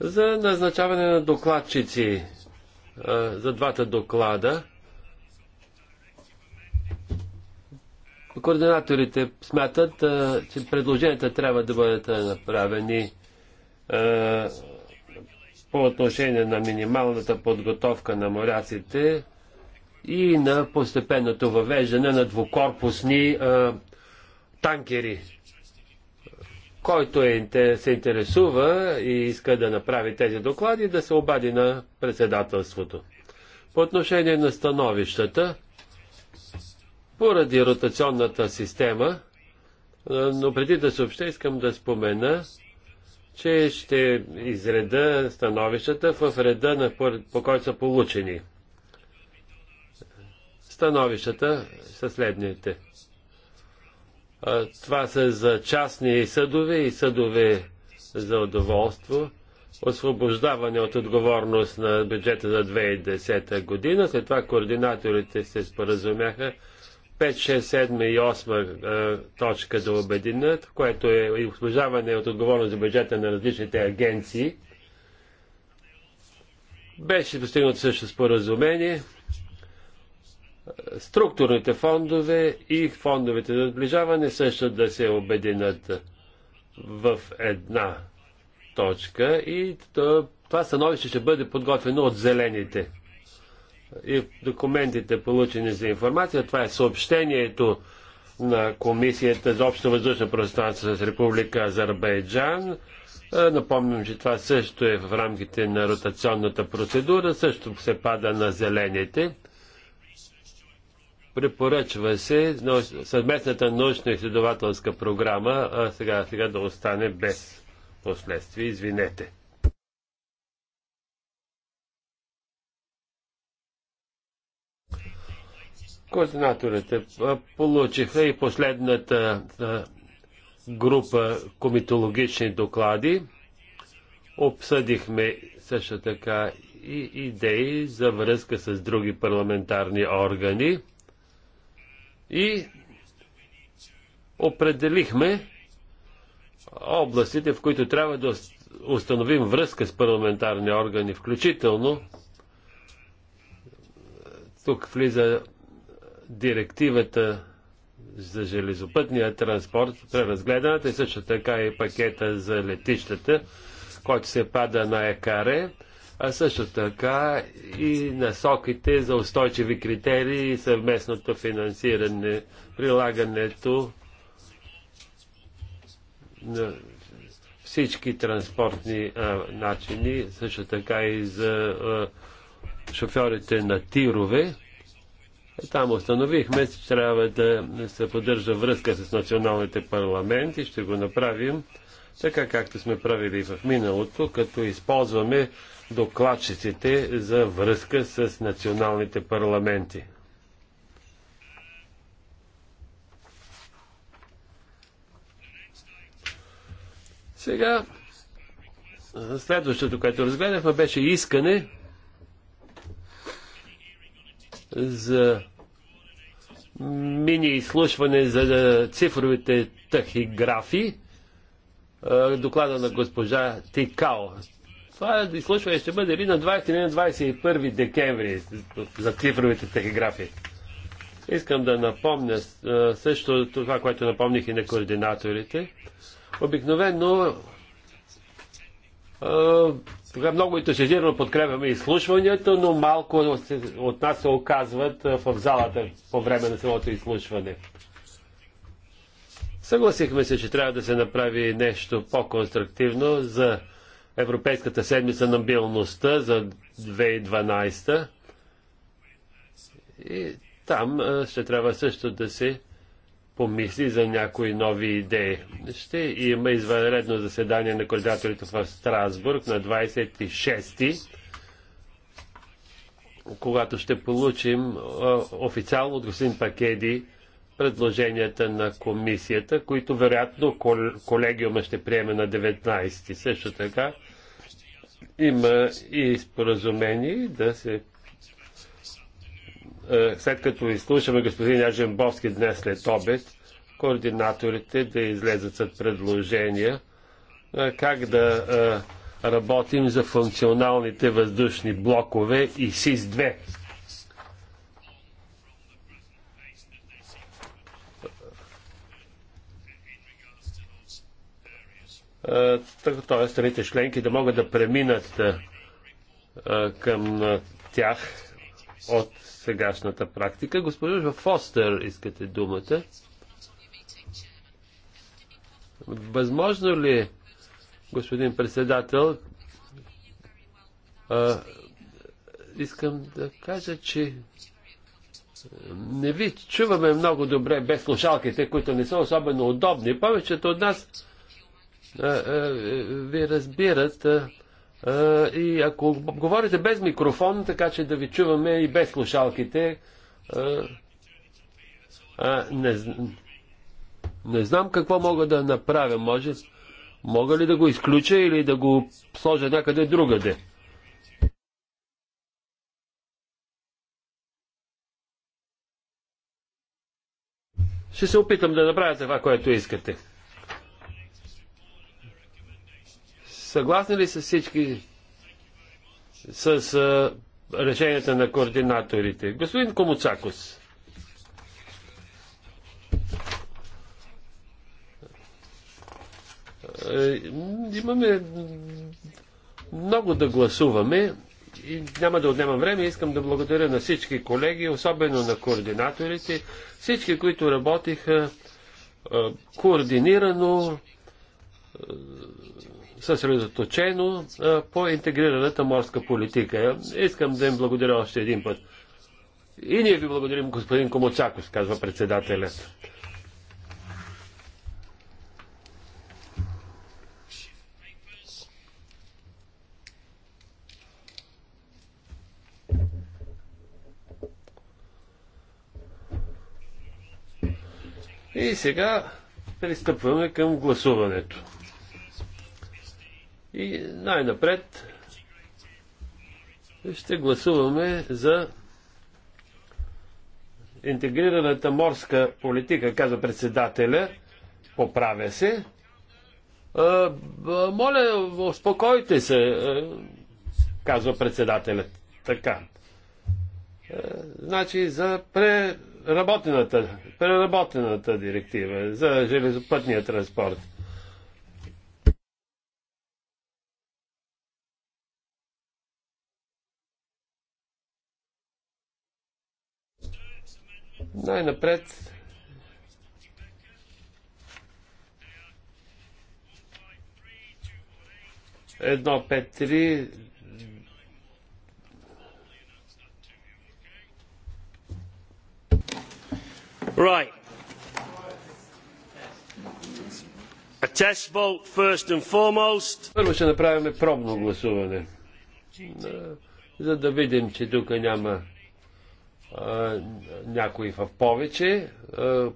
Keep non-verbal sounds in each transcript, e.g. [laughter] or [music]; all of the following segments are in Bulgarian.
за назначаване на докладчици е, за двата доклада. Координаторите смятат, е, че предложенията трябва да бъдат направени е, по отношение на минималната подготовка на моряците и на постепенното въвеждане на двукорпусни танкери който е, се интересува и иска да направи тези доклади, да се обади на председателството. По отношение на становищата, поради ротационната система, но преди да съобща, искам да спомена, че ще изреда становищата в реда, на, по, по който са получени. Становищата са следните. Това са за частни съдове и съдове за удоволство. Освобождаване от отговорност на бюджета за 2010 година. След това координаторите се споразумяха 5, 6, 7 и 8 точка да обединят, което е и освобождаване от отговорност за бюджета на различните агенции. Беше достигнато също споразумение структурните фондове и фондовете за отближаване също да се обединят в една точка и това становище ще бъде подготвено от зелените. И документите получени за информация, това е съобщението на Комисията за общо въздушно пространство с Република Азербайджан. Напомням, че това също е в рамките на ротационната процедура, също се пада на зелените. Препоръчва се съвместната научно-изследователска програма а сега, сега да остане без последствия. Извинете. Координаторите получиха и последната група комитологични доклади. Обсъдихме също така и идеи за връзка с други парламентарни органи и определихме областите, в които трябва да установим връзка с парламентарни органи, включително тук влиза директивата за железопътния транспорт, преразгледаната и също така и пакета за летищата, който се пада на ЕКАРЕ а също така и насоките за устойчиви критерии и съвместното финансиране, прилагането на всички транспортни а, начини, също така и за а, шофьорите на тирове. Там установихме, че трябва да се поддържа връзка с националните парламенти. Ще го направим така, както сме правили и в миналото, като използваме докладчиците за връзка с националните парламенти. Сега, следващото, което разгледахме, беше искане за мини изслушване за цифровите тахиграфи. Е, доклада на госпожа Тикао. Това изслушване ще бъде ли на 20 на 21 декември за цифровите тахиграфи. Искам да напомня също това, което напомних и на координаторите. Обикновено тогава много ентусиазирано подкрепяме изслушването, но малко от нас се оказват в залата по време на самото изслушване. Съгласихме се, че трябва да се направи нещо по-конструктивно за Европейската седмица на билността за 2012. И там ще трябва също да се помисли за някои нови идеи. Ще има извънредно заседание на координаторите в Страсбург на 26-ти, когато ще получим официално от господин Пакеди предложенията на комисията, които вероятно колегиума ще приеме на 19-ти. Също така има и споразумение да се е, след като изслушаме господин Яжембовски днес след обед, координаторите да излезат с предложения е, как да е, работим за функционалните въздушни блокове и СИС-2. т.е. страните членки да могат да преминат към тях от сегашната практика. Господин Фостер, искате думата. Възможно ли, господин председател, а, искам да кажа, че не ви чуваме много добре без слушалките, които не са особено удобни. Повечето от нас е, е, ви разбират. Е, и ако говорите без микрофон, така че да ви чуваме и без слушалките, не, не знам какво мога да направя. Може, мога ли да го изключа или да го сложа някъде другаде? Ще се опитам да направя това, което искате. Съгласни ли са всички с а, решенията на координаторите? Господин Комуцакос. Е, имаме много да гласуваме и няма да отнема време. Искам да благодаря на всички колеги, особено на координаторите, всички, които работиха е, координирано, е, съсредоточено по интегрираната морска политика. Искам да им благодаря още един път. И ние ви благодарим, господин Комоцаков, казва председателят. И сега пристъпваме към гласуването. И най-напред ще гласуваме за интегрираната морска политика, каза председателя, поправя се. А, моля, успокойте се, казва председателят. Така. А, значи за преработената, преработената директива, за железопътния транспорт. Най-напред едно, пет, три, Right. A test vote first and foremost. Първо ще направим пробно гласуване, за да видим, че тук няма някои в повече.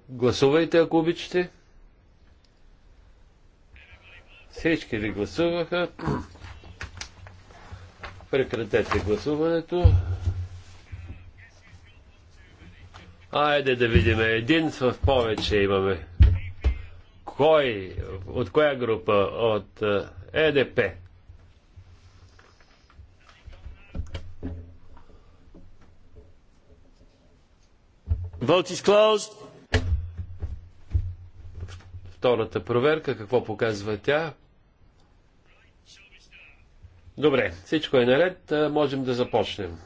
Гласувайте, ако обичате. Всички ли гласуваха? Прекратете гласуването. Айде да видим. Един в повече имаме. Кой? От коя група? От ЕДП. Vote is closed. Втората проверка, какво показва тя? Добре, всичко е наред, можем да започнем.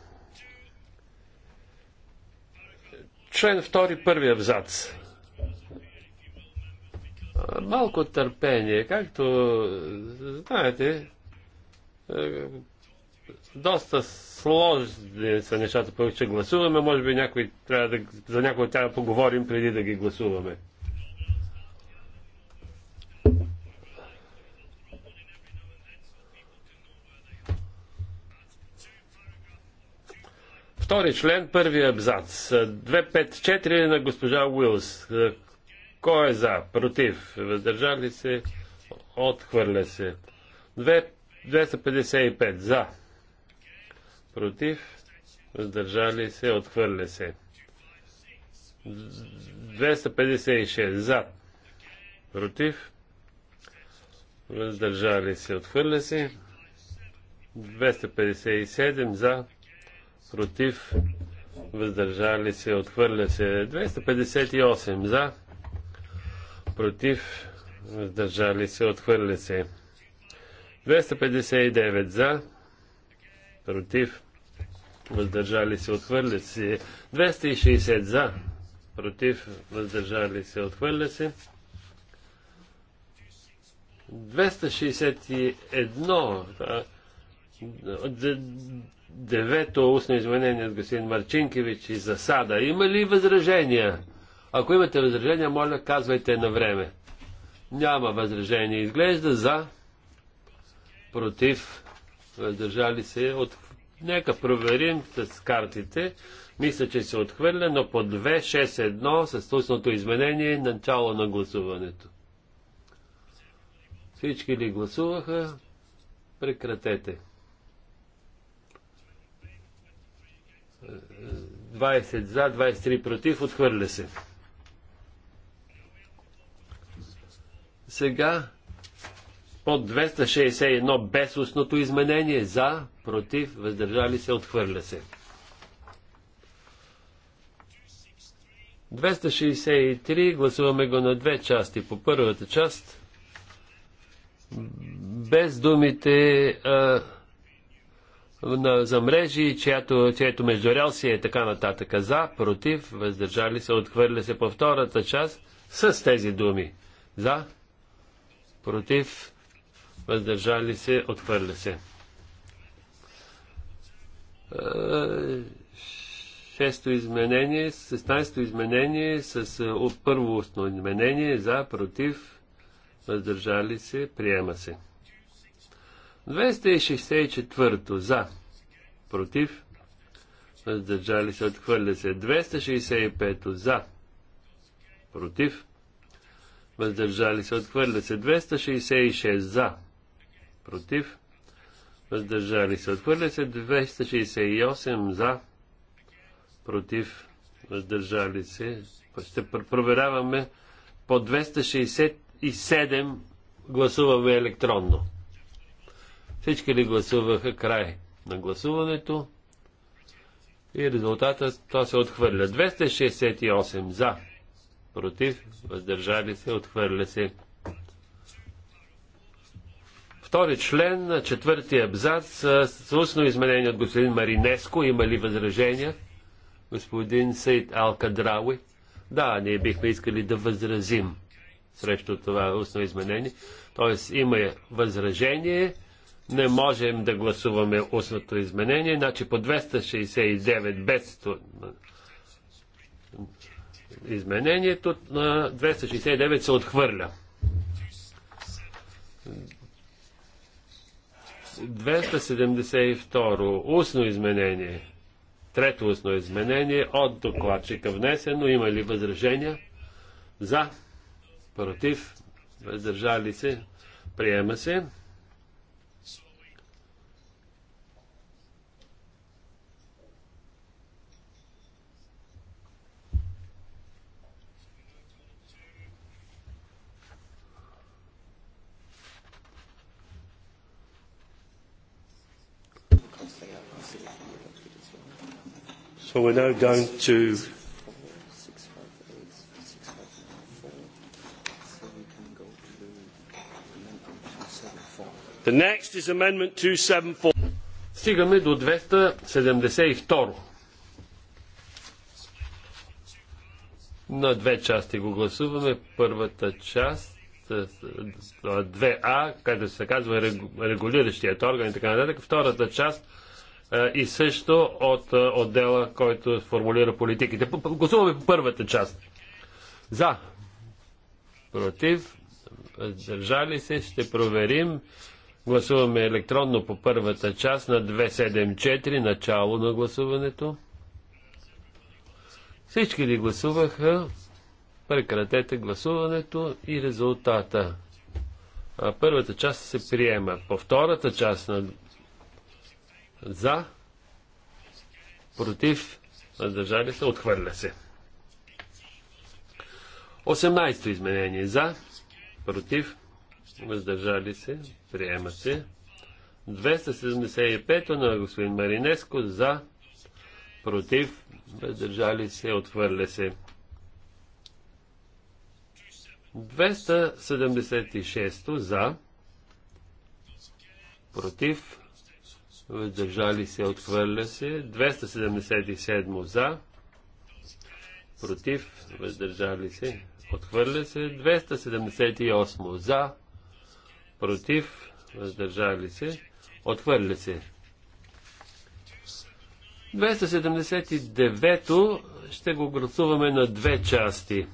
Член 2, първи абзац. Малко търпение, както знаете, доста сложни са нещата, по ще гласуваме. Може би някой трябва да, за някой трябва да поговорим преди да ги гласуваме. Втори член, първи абзац. 254 на госпожа Уилс. Кой е за? Против? Въздържали се? Отхвърля се. 255 за против, въздържали се, отхвърля се. 256 за, против, въздържали се, отхвърля се. 257 за, против, въздържали се, отхвърля се. 258 за, против, въздържали се, отхвърля се. 259 за, против, въздържали се, отхвърля се. 260 за, против, въздържали се, отхвърля се. 261, девето устно изменение от господин Марчинкевич и засада. Има ли възражения? Ако имате възражения, моля, казвайте на време. Няма възражения. Изглежда за, против, въздържали се, отхвърля Нека проверим с картите. Мисля, че се отхвърля, но по 261 с устното изменение начало на гласуването. Всички ли гласуваха? Прекратете. 20 за, 23 против, отхвърля се. Сега под 261 без устното изменение за, против, въздържали се, отхвърля се. 263 гласуваме го на две части. По първата част без думите а, на, за мрежи, чието, чието междурял си е така нататък. За, против, въздържали се, отхвърля се по втората част с тези думи. За, против, въздържали се, отхвърля се. Шесто изменение, 16-то изменение с е, първо изменение за, против, въздържали се, приема се. 264 за, против, въздържали се, отхвърля се. 265 за, против, въздържали се, отхвърля се. 266 за, против, въздържали се. Отхвърля се 268 за, против, въздържали се. Ще проверяваме по 267 гласуваме електронно. Всички ли гласуваха край на гласуването? И резултата това се отхвърля. 268 за, против, въздържали се, отхвърля се втори член, четвърти абзац, с устно изменение от господин Маринеско. Има ли възражения? Господин Сейд Алкадрауи. Да, ние бихме искали да възразим срещу това устно изменение. Тоест има възражение, не можем да гласуваме устното изменение, значи по 269 без изменението на 269 се отхвърля. 272. Устно изменение. Трето устно изменение от докладчика внесено. Има ли възражения? За. Против. Въздържали се. Приема се. So we're now going to The next is amendment 274. Стигаме до 272. На две части го гласуваме. Първата част 2А, е, е, където се казва регулиращият орган и така нататък. Втората част е, и също от е, отдела, който формулира политиките. Гласуваме по първата част. За. Против. Държали се. Ще проверим. Гласуваме електронно по първата част на 274, начало на гласуването. Всички ли гласуваха? Прекратете гласуването и резултата. А първата част се приема. По втората част на за. Против. Въздържали се. Отхвърля се. 18-то изменение. За. Против. Въздържали се. Приема се. 275 то на господин Маринеско. За. Против. Въздържали се. Отхвърля се. 276 за, против, въздържали се, отхвърля се. 277 за, против, въздържали се, отхвърля се. 278 за, против, въздържали се, отхвърля се. 279 ще го гласуваме на две части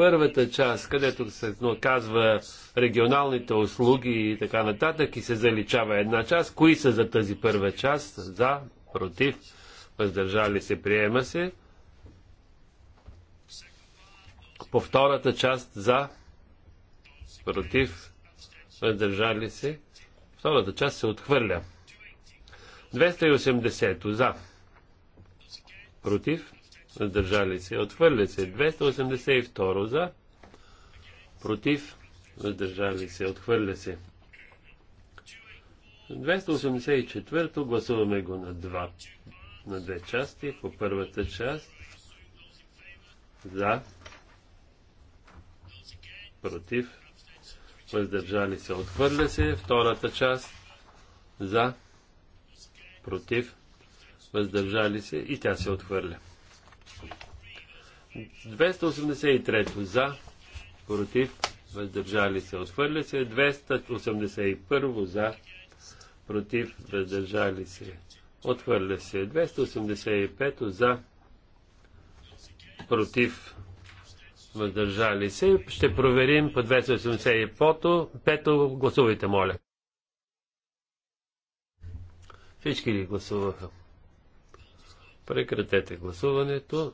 първата част, където се казва регионалните услуги и така нататък и се заличава една част. Кои са за тази първа част? За, против, въздържали се, приема се. По втората част за, против, въздържали се. Втората част се отхвърля. 280 за, против, въздържали се, отхвърля се. 282 за, против, въздържали се, отхвърля се. 284 гласуваме го на два, на две части. По първата част за, против, въздържали се, отхвърля се. Втората част за, против, въздържали се и тя се отхвърля. 283 за, против, въздържали се, отхвърля се. 281 за, против, въздържали се, отхвърля се. 285 за, против, въздържали се. Ще проверим по 285-то. Пето гласувайте, моля. Всички ли гласуваха? Прекратете гласуването.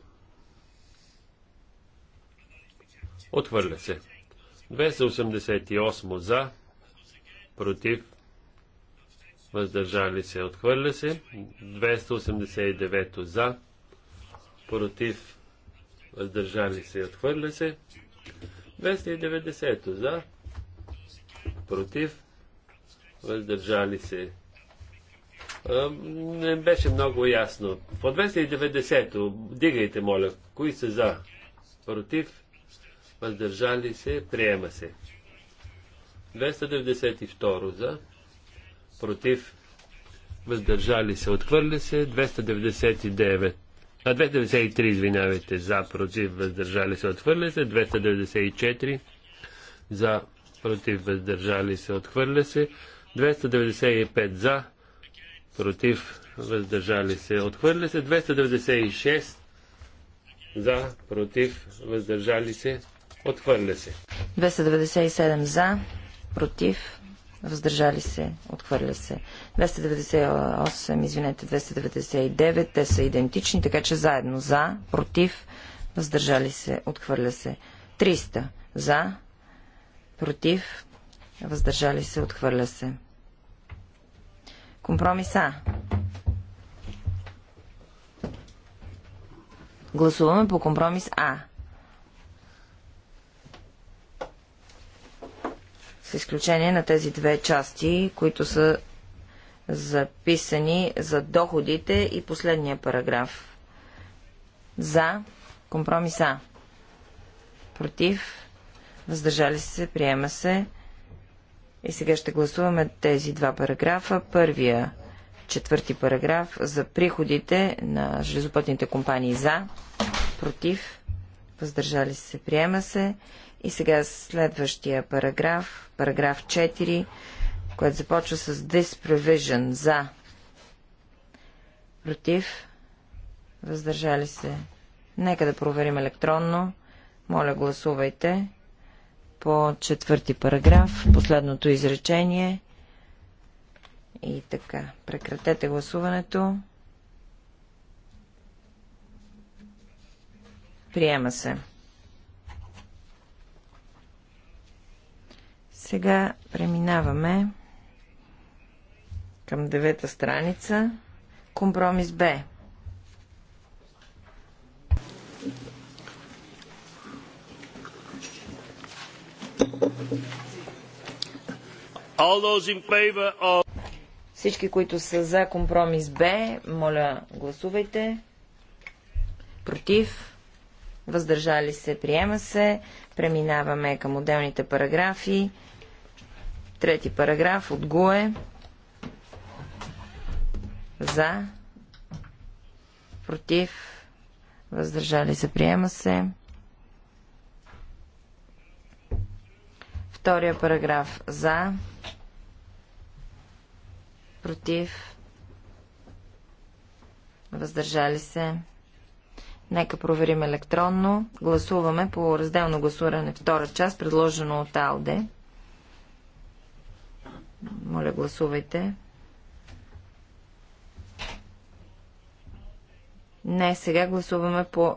Отхвърля се. 288 за, против, въздържали се, отхвърля се. 289 за, против, въздържали се, отхвърля се. 290 за, против, въздържали се. А, не беше много ясно. По 290 дигайте, моля, кои са за, против, въздържали се, приема се. 292 за, против, въздържали се, отхвърля се, 299. А 293, извинявайте, за, против, въздържали се, отхвърля се, 294 за, против, въздържали се, отхвърля се, 295 за, против, въздържали се, отхвърля се, 296 за, против, въздържали се, Отхвърля се. 297 за, против, въздържали се, отхвърля се. 298, извинете, 299, те са идентични, така че заедно за, против, въздържали се, отхвърля се. 300 за, против, въздържали се, отхвърля се. Компромиса. Гласуваме по компромис А. с изключение на тези две части, които са записани за доходите и последния параграф. За компромиса. Против. Въздържали се. Приема се. И сега ще гласуваме тези два параграфа. Първия, четвърти параграф за приходите на железопътните компании за, против, въздържали се, приема се. И сега следващия параграф, параграф 4, който започва с this provision за против въздържали се. Нека да проверим електронно. Моля, гласувайте по четвърти параграф, последното изречение. И така, прекратете гласуването. Приема се. Сега преминаваме към девета страница. Компромис Б. Of... Всички, които са за компромис Б, моля гласувайте. Против. Въздържали се, приема се. Преминаваме към отделните параграфи. Трети параграф от ГУЕ. За. Против. Въздържали се. Приема се. Втория параграф. За. Против. Въздържали се. Нека проверим електронно. Гласуваме по разделно гласуване втора част, предложено от АЛДЕ. Моля, гласувайте. Не, сега гласуваме по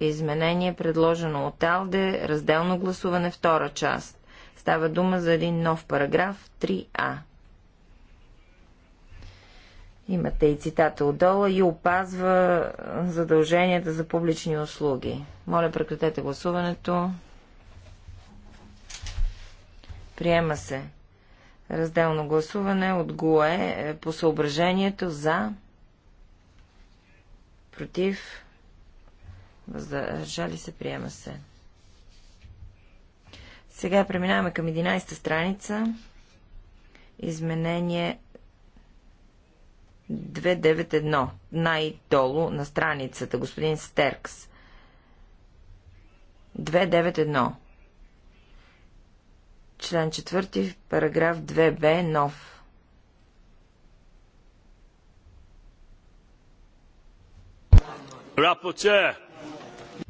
изменение, предложено от Алде, разделно гласуване, втора част. Става дума за един нов параграф 3А. Имате и цитата отдолу и опазва задълженията за публични услуги. Моля, прекратете гласуването. Приема се. Разделно гласуване от ГУЕ по съображението за, против, въздържали се, приема се. Сега преминаваме към 11-та страница. Изменение 291. Най-долу на страницата. Господин Стеркс. 291. Член 4, параграф 2б, нов. Рапоче!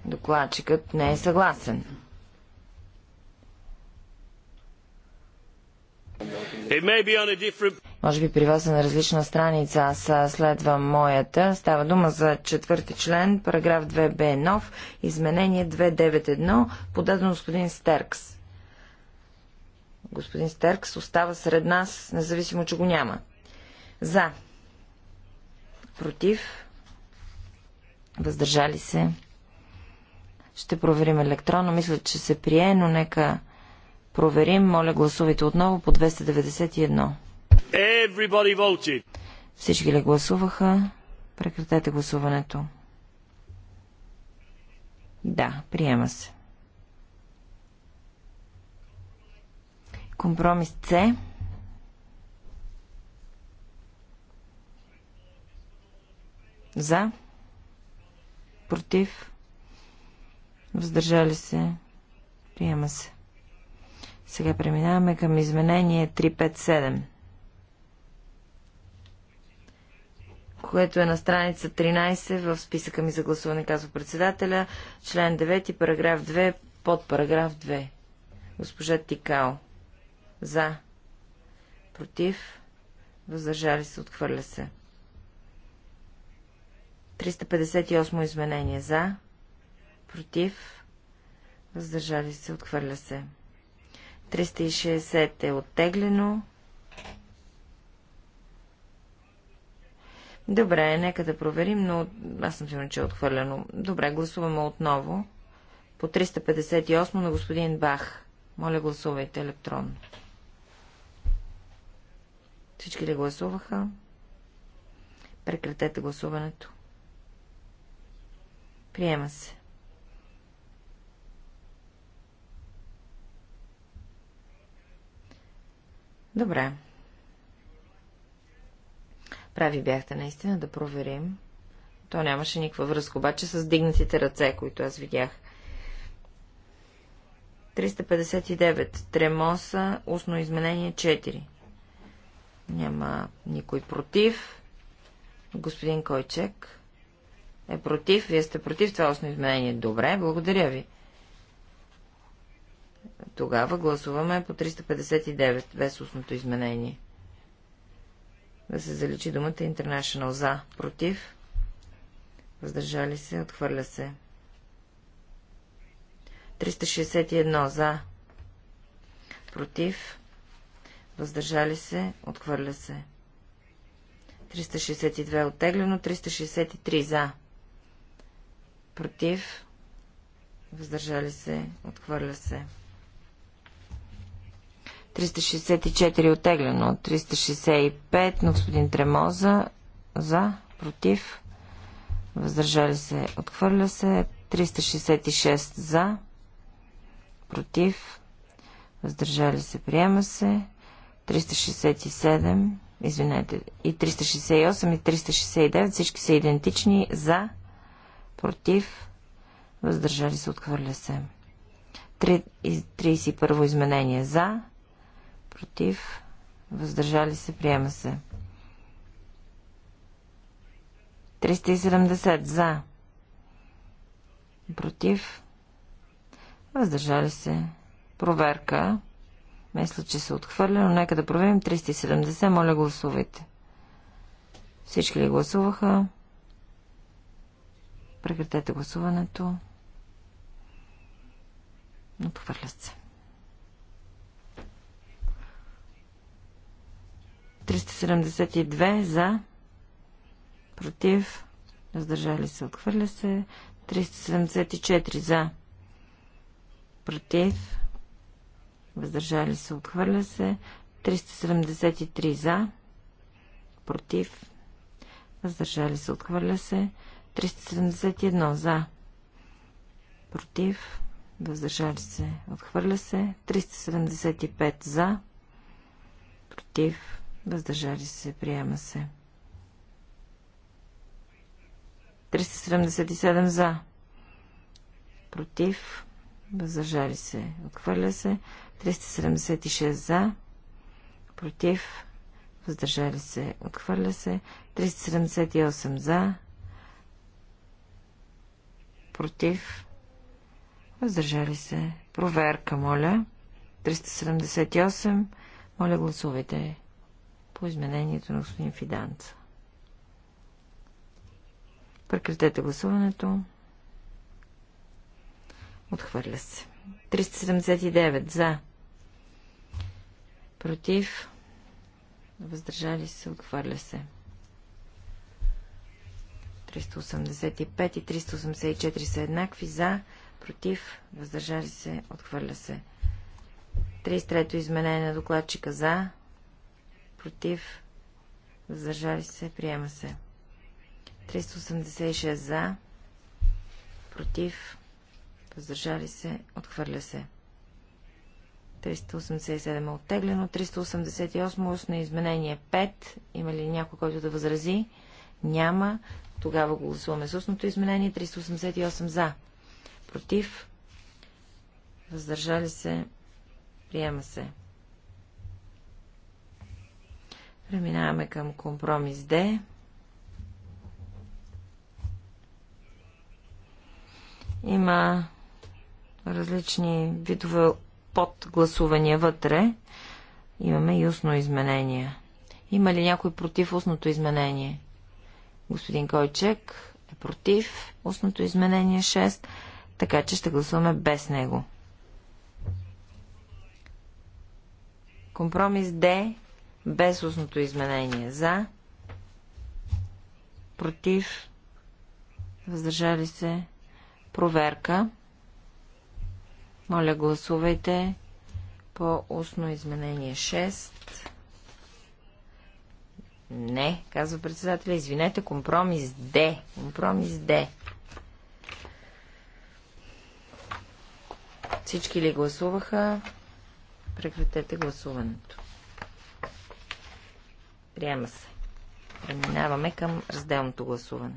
Докладчикът не е съгласен. Different... Може би при вас е на различна страница, аз следвам моята. Става дума за четвърти член, параграф 2б нов, изменение 291, подадено господин Стеркс господин Стеркс остава сред нас, независимо, че го няма. За. Против. Въздържали се. Ще проверим електронно. Мисля, че се прие, но нека проверим. Моля, гласувайте отново по 291. Everybody voted. Всички ли гласуваха? Прекратете гласуването. Да, приема се. Компромис С. За. Против. Въздържали се. Приема се. Сега преминаваме към изменение 357. което е на страница 13 в списъка ми за гласуване, казва председателя, член 9, параграф 2, под параграф 2. Госпожа Тикао. За. Против. Въздържали се. Отхвърля се. 358 изменение. За. Против. Въздържали се. Отхвърля се. 360 е оттеглено. Добре, нека да проверим, но аз съм сигурен, че е отхвърлено. Добре, гласуваме отново по 358 на господин Бах. Моля, гласувайте електронно. Всички ли гласуваха? Прекратете гласуването. Приема се. Добре. Прави бяхте наистина да проверим. То нямаше никаква връзка, обаче с дигнатите ръце, които аз видях. 359. Тремоса. Устно изменение 4. Няма никой против. Господин Койчек е против. Вие сте против това основно изменение. Добре, благодаря ви. Тогава гласуваме по 359, без устното изменение. Да се заличи думата International за, против, въздържали се, отхвърля се. 361 за, против, въздържали се, отхвърля се. 362 е оттеглено, 363 за, против, въздържали се, отхвърля се. 364 е оттеглено, 365 на господин Тремоза, за, против, въздържали се, отхвърля се, 366 за, против, въздържали се, приема се, 367, извинете, и 368 и 369, всички са идентични, за, против, въздържали се, отхвърля се. 31 изменение за, против, въздържали се, приема се. 370 за, против, въздържали се. Проверка мисля, че се отхвърля, но нека да проверим. 370, моля гласувайте. Всички ли гласуваха? Прекратете гласуването. Отхвърлят се. 372 за, против, въздържали се, отхвърля се. 374 за, против, въздържали се, отхвърля се. 373 за, против, въздържали се, отхвърля се. 371 за, против, въздържали се, отхвърля се. 375 за, против, въздържали се, приема се. 377 за, против, въздържали се, отхвърля се. 376 за, против, въздържали се, отхвърля се, 378 за, против, въздържали се. Проверка, моля. 378. Моля, гласувайте по изменението на господин Фиданца. Прекратете гласуването. Отхвърля се. 379 за. Против. Въздържали се. Отхвърля се. 385 и 384 са еднакви. За. Против. Въздържали се. Отхвърля се. 33-то изменение на докладчика за. Против. Въздържали се. Приема се. 386 за. Против въздържали се, отхвърля се. 387 е оттеглено, 388 на е изменение 5. Има ли някой, който да възрази? Няма. Тогава го гласуваме с устното изменение. 388 за. Против. Въздържали се. Приема се. Преминаваме към компромис Д. Има различни видове подгласувания вътре. Имаме и устно изменение. Има ли някой против устното изменение? Господин Койчек е против устното изменение 6, така че ще гласуваме без него. Компромис Д без устното изменение. За. Против. Въздържали се. Проверка. Моля, гласувайте по устно изменение 6. Не, казва председателя. Извинете, компромис Д. Компромис Д. Всички ли гласуваха? Прекратете гласуването. Приема се. Преминаваме към разделното гласуване.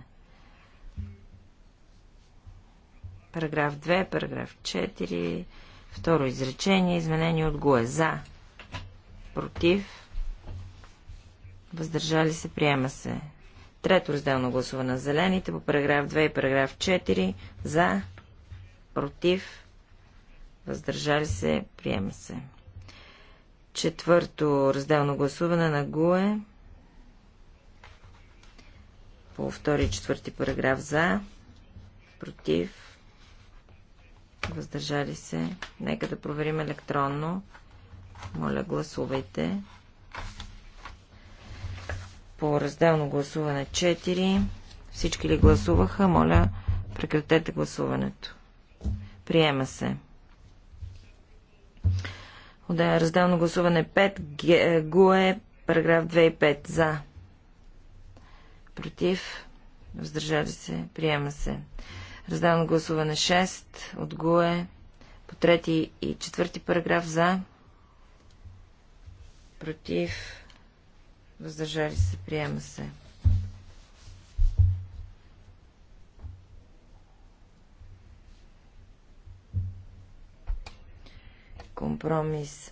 Параграф 2, параграф 4, второ изречение, изменение от ГУЕ. За, против, въздържали се, приема се. Трето разделно гласуване на зелените по параграф 2 и параграф 4. За, против, въздържали се, приема се. Четвърто разделно гласуване на ГУЕ по втори и четвърти параграф за, против, въздържали се. Нека да проверим електронно. Моля, гласувайте. По разделно гласуване 4. Всички ли гласуваха? Моля, прекратете гласуването. Приема се. Отдая разделно гласуване 5. Е, ГУЕ, параграф 2 и 5. За. Против. Въздържали се. Приема се. Раздавам гласуване 6 от ГУЕ по трети и четвърти параграф за, против, въздържали се, приема се. Компромис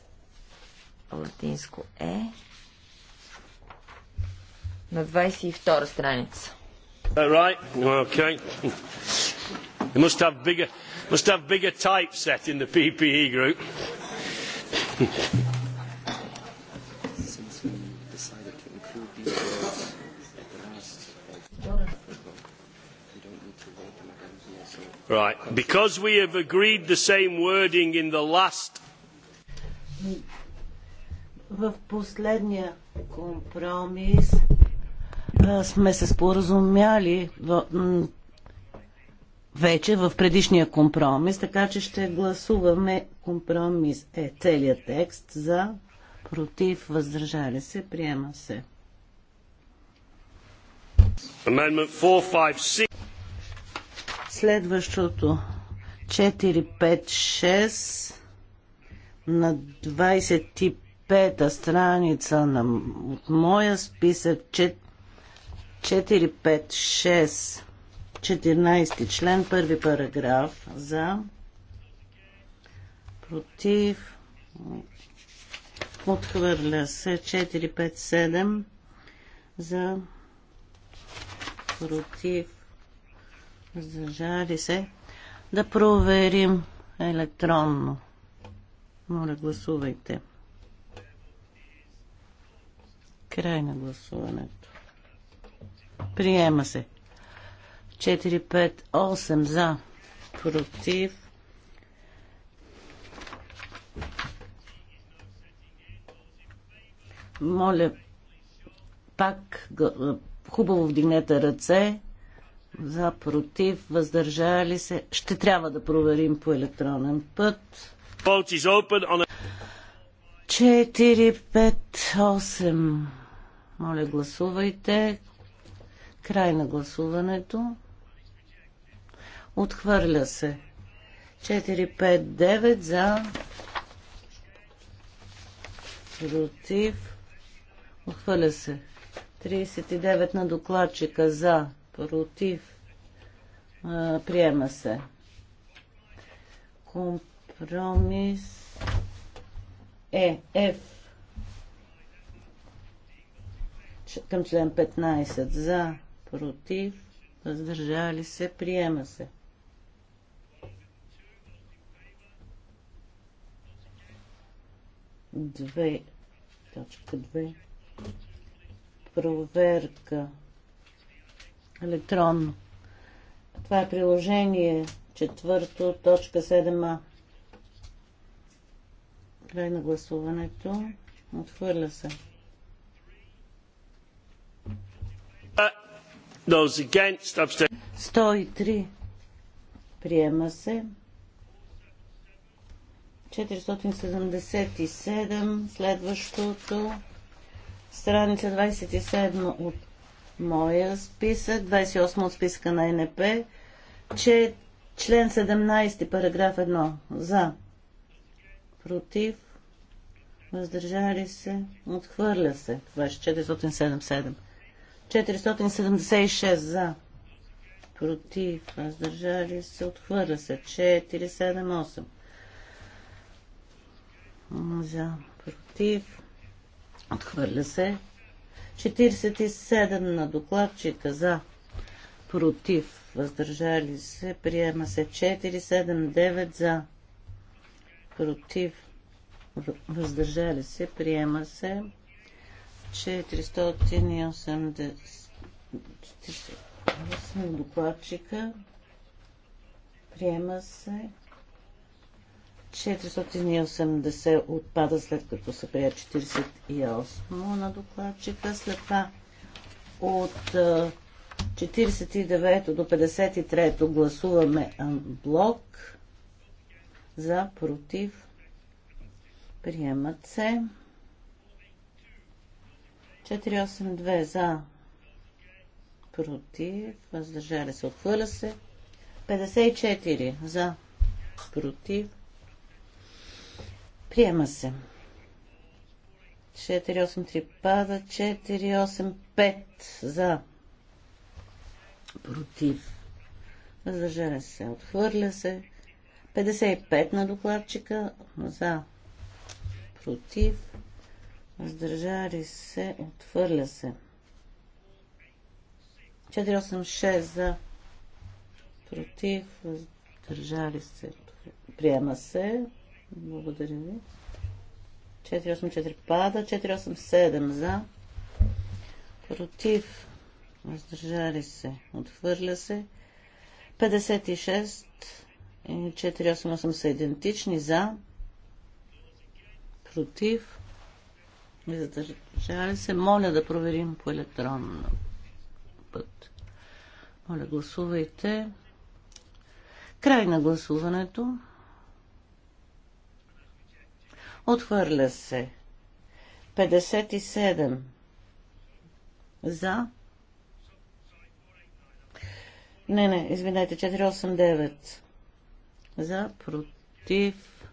латинско е на 22 страница. Right. Okay. They must have bigger, must have bigger typeset in the PPE group. Since we decided to include these words at the last we don't need to them again right, because we have agreed the same wording in the last. В последния компромис сме се споразумяли вече в предишния компромис, така че ще гласуваме компромис е целият текст за против, въздържали се, приема се. 4, Следващото 456 на 25-та страница на, от моя списък 456 14 член, първи параграф за против отхвърля се 4-5-7 за против въздържали се да проверим електронно. Моля, гласувайте. Край на гласуването. Приема се. 4, 5, 8 за, против. Моля, пак хубаво вдигнете ръце. За, против, въздържали се. Ще трябва да проверим по електронен път. 4-5-8. Моля, гласувайте. Край на гласуването. Отхвърля се. 4-5-9 за. Против. Отхвърля се. 39 на докладчика за. Против. А, приема се. Компромис. Е. Ф. Към член 15 за. Против. Въздържали се. Приема се. 2, точка 2, проверка електронно. Това е приложение четвърто, точка 7а. Край на гласуването. Отхвърля се. Those against, 103. Приема се. 477, следващото, страница 27 от моя списък, 28 от списка на НП, че член 17, параграф 1, за, против, въздържали се, отхвърля се, Това е 477. 476 за, против, въздържали се, отхвърля се, 478 за против. Отхвърля се. 47 на докладчика за против. Въздържали се. Приема се 479 за против. Въздържали се. Приема се 480 докладчика. Приема се 480 отпада след като се прия 48 на докладчика. След това от 49 до 53 гласуваме блок за против. Приемат се. 482 за против. Въздържали се. Отхвърля се. 54 за против Приема се. 483 пада, 485 за. Против. Въздържане се. Отхвърля се. 55 на докладчика за. Против. Въздържали се. Отхвърля се. 486 за. Против. Въздържали се. Приема се. Благодаря ви. 484 пада, 487 за, против, въздържали се, отхвърля се. 56 и 488 са идентични за, против, въздържали се. Моля да проверим по електронно път. Моля, гласувайте. Край на гласуването. Отхвърля се. 57. За. Не, не, извинете, 489. За, против.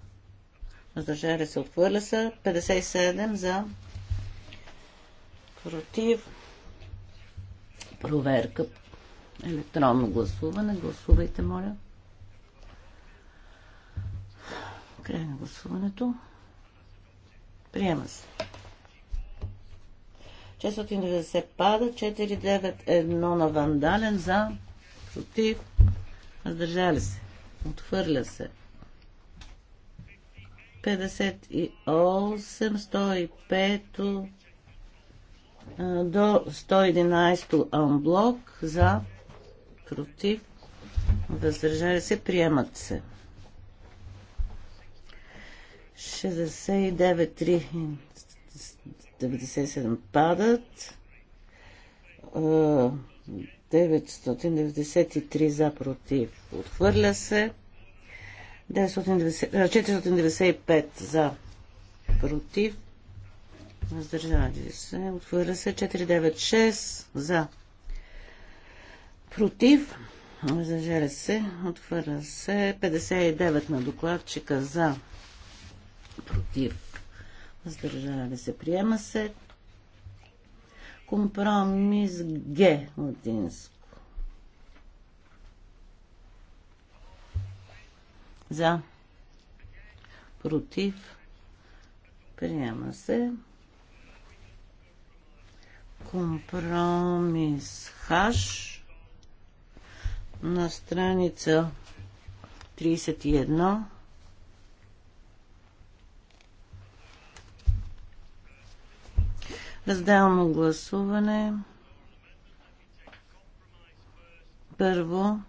Въздържали се, отхвърля се. 57 за. Против. Проверка. Електронно гласуване. Гласувайте, моля. Край на гласуването. Приема се. 690 пада, 491 на Вандален за, против, въздържали се, отхвърля се. 58, 105 до 111 анблок за, против, въздържали се, приемат се. 693 97 падат. 993 за против. Отхвърля се. 990, 495 за против. Въздържали се. Отхвърля се. 496 за против. Въздържали се. Отхвърля се. 59 на докладчика за против, въздържали се, приема се. Компромис Г латинско. За, против, приема се. Компромис Хаш на страница 31 Разделно гласуване. Първо.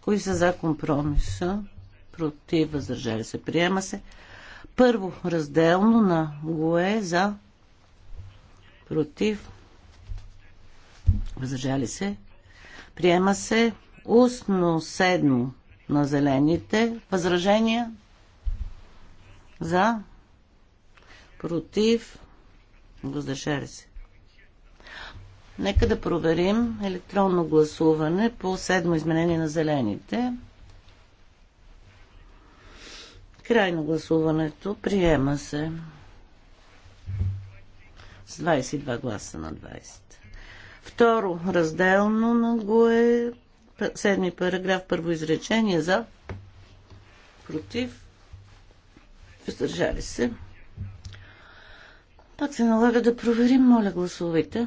Кои са за компромиса? Против, въздържали се, приема се. Първо разделно на ГОЕ за против, въздържали се, приема се. Устно седмо на зелените. Възражения? За? Против? Въздържали се. Нека да проверим електронно гласуване по седмо изменение на зелените. Край на гласуването. Приема се. С 22 гласа на 20. Второ, разделно на ГОЕ Седми параграф, първо изречение за против. Въздържали се. Пак се налага да проверим. Моля, гласувайте.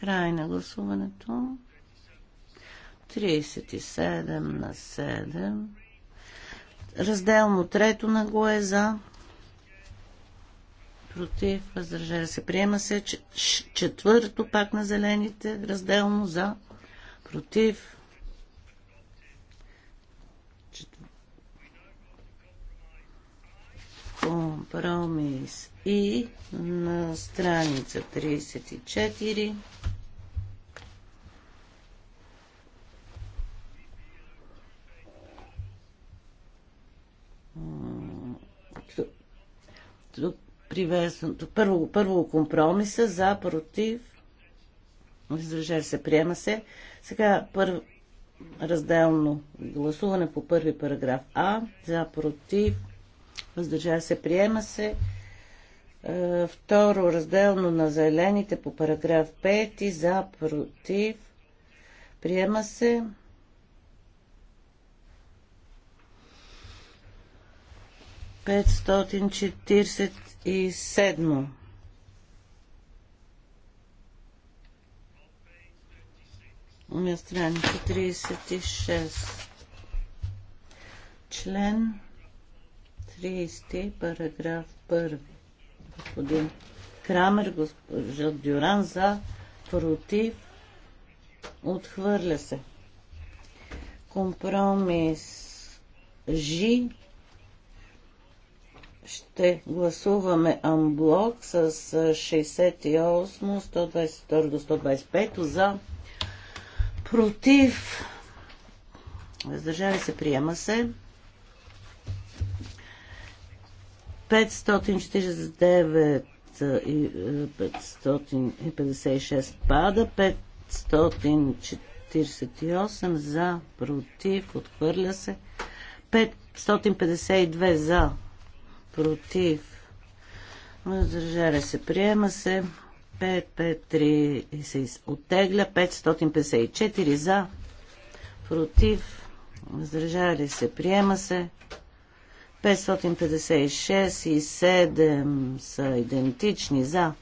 Край на гласуването. 37 на 7. Разделно трето на го е за против, въздържали се, приема се. Четвърто пак на зелените, разделно за, против. Компромис и на страница 34. Тук Приветственото. Първо, първо компромиса за, против. Въздържали се, приема се. Сега първо разделно гласуване по първи параграф А. За, против. Въздържава се, приема се. Е, второ разделно на зелените по параграф 5 за против. Приема се. Петстотин четиридесет 37. На страница 36. Член 30, параграф 1. Господин Крамер, госпожа Дюран за, против, отхвърля се. Компромис Жи ще гласуваме амблок с 68, 122 до 125 за против. Въздържали се, приема се. 549 и 556 пада, 548 за, против, отхвърля се, 552 за, против, въздържали се, приема се 553 се оттегля, 554 за, против, въздържали се, приема се 556 и 7 са идентични за,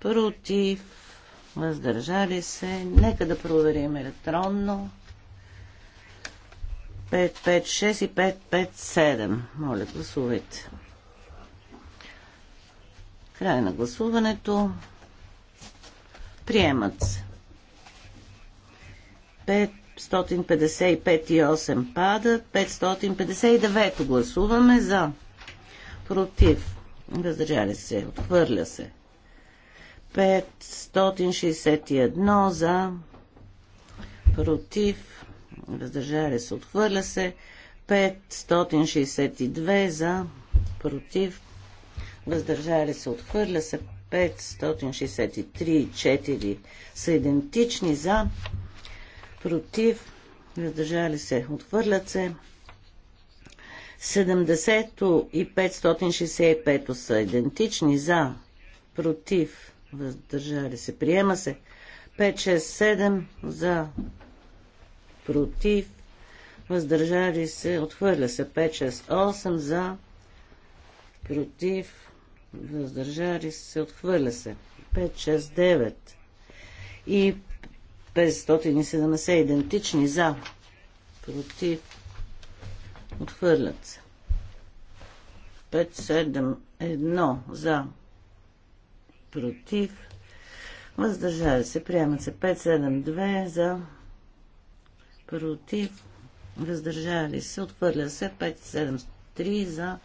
против, въздържали се. Нека да проверим електронно. 556 и 557. Моля, гласувайте. Край на гласуването. Приемат се. 555 и 8 пада. 559 гласуваме за. Против. Въздържали се. Отхвърля се. 561 за. Против въздържали се, отхвърля се. 562 за, против, въздържали се, отхвърля се. 563 и 4 са идентични за, против, въздържали се, отхвърлят се. 70 и 565 са идентични за, против, въздържали се, приема се. 567 за, против, въздържали се, отхвърля се 5, 6, 8 за, против, въздържали се, отхвърля се 5, 6, 9 и 570 идентични за, против, отхвърлят се. 5, 7, 1 за, против, въздържали се, приемат се 5, 7, 2 за, против, въздържали се, отхвърля се 573 за,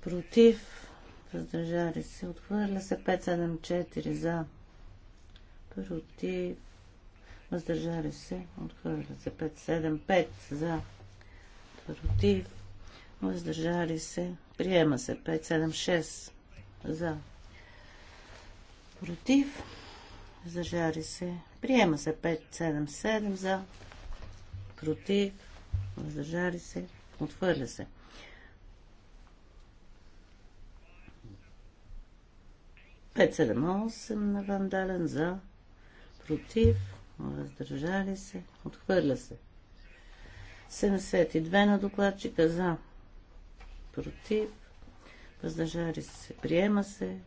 против, въздържали се, отхвърля се 574 за, против, въздържали се, отхвърля се 575 за, против, въздържали се, приема се 576 за, против, въздържали се, приема се 577 за, против, въздържали се, отхвърля се. Пет, седем, осем на вандален за, против, въздържали се, отхвърля се. 72 на докладчика за, против, въздържали се, приема се.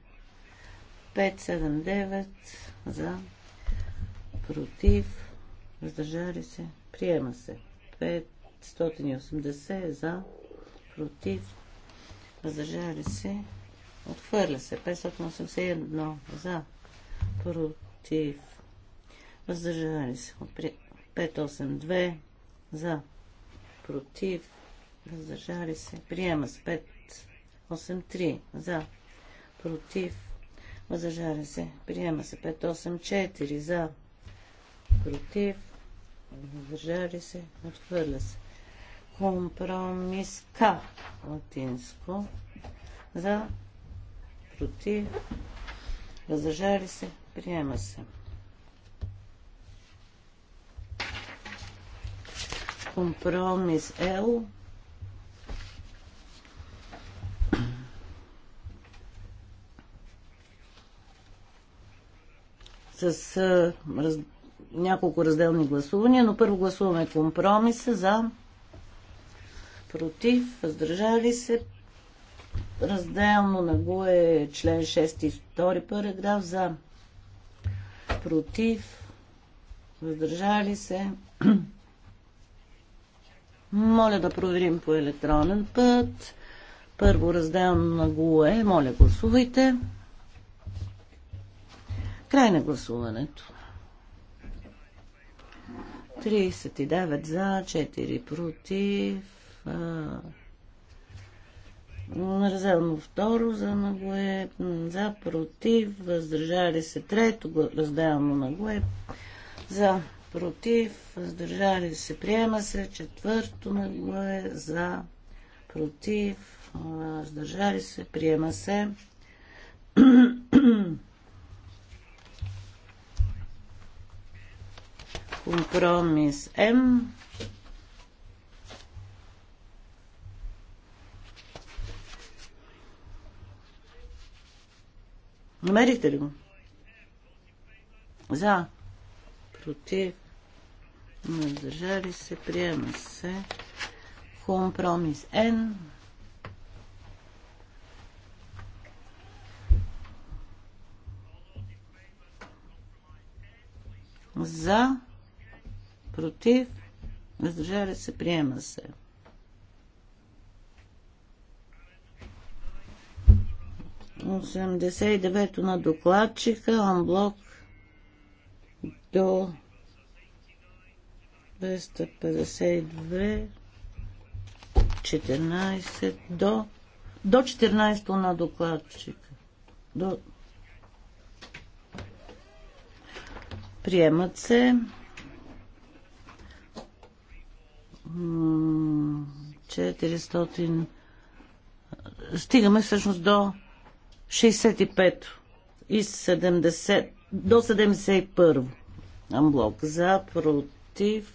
579 за, против, въздържали се, Приема се. 580 за, против, въздържали се. Отхвърля се. 581 за, против, въздържали се. 582 за, против, въздържали се. Приема се. 583 за, против, въздържали се. Приема се. 584 за, против, въздържали се, отхвърля се. Компромиска. латинско за против, въздържали се, приема се. Компромис Л с раз, няколко разделни гласувания, но първо гласуваме компромиса за против, въздържали се. Разделно на го е член 6 и 2 параграф за против, въздържали се. Моля да проверим по електронен път. Първо разделно на ГУЕ. Моля гласувайте. Край на гласуването. 39 за, 4 против. Разделно второ за Нагое, за против, въздържали се трето, разделно Нагое, за против, въздържали се, приема се, четвърто Нагое, за против, въздържали се, приема се. [clears throat] Компромис М. Намерихте ли го? За. Против. Надържали се. Приема се. Компромис Н. За против, въздържали се, приема се. Осемдесет и на докладчика, анблок до 252, 14 до, до 14 на докладчика. До... Приемат се. 400... Стигаме всъщност до 65 и 70, до 71 амблок. За, против,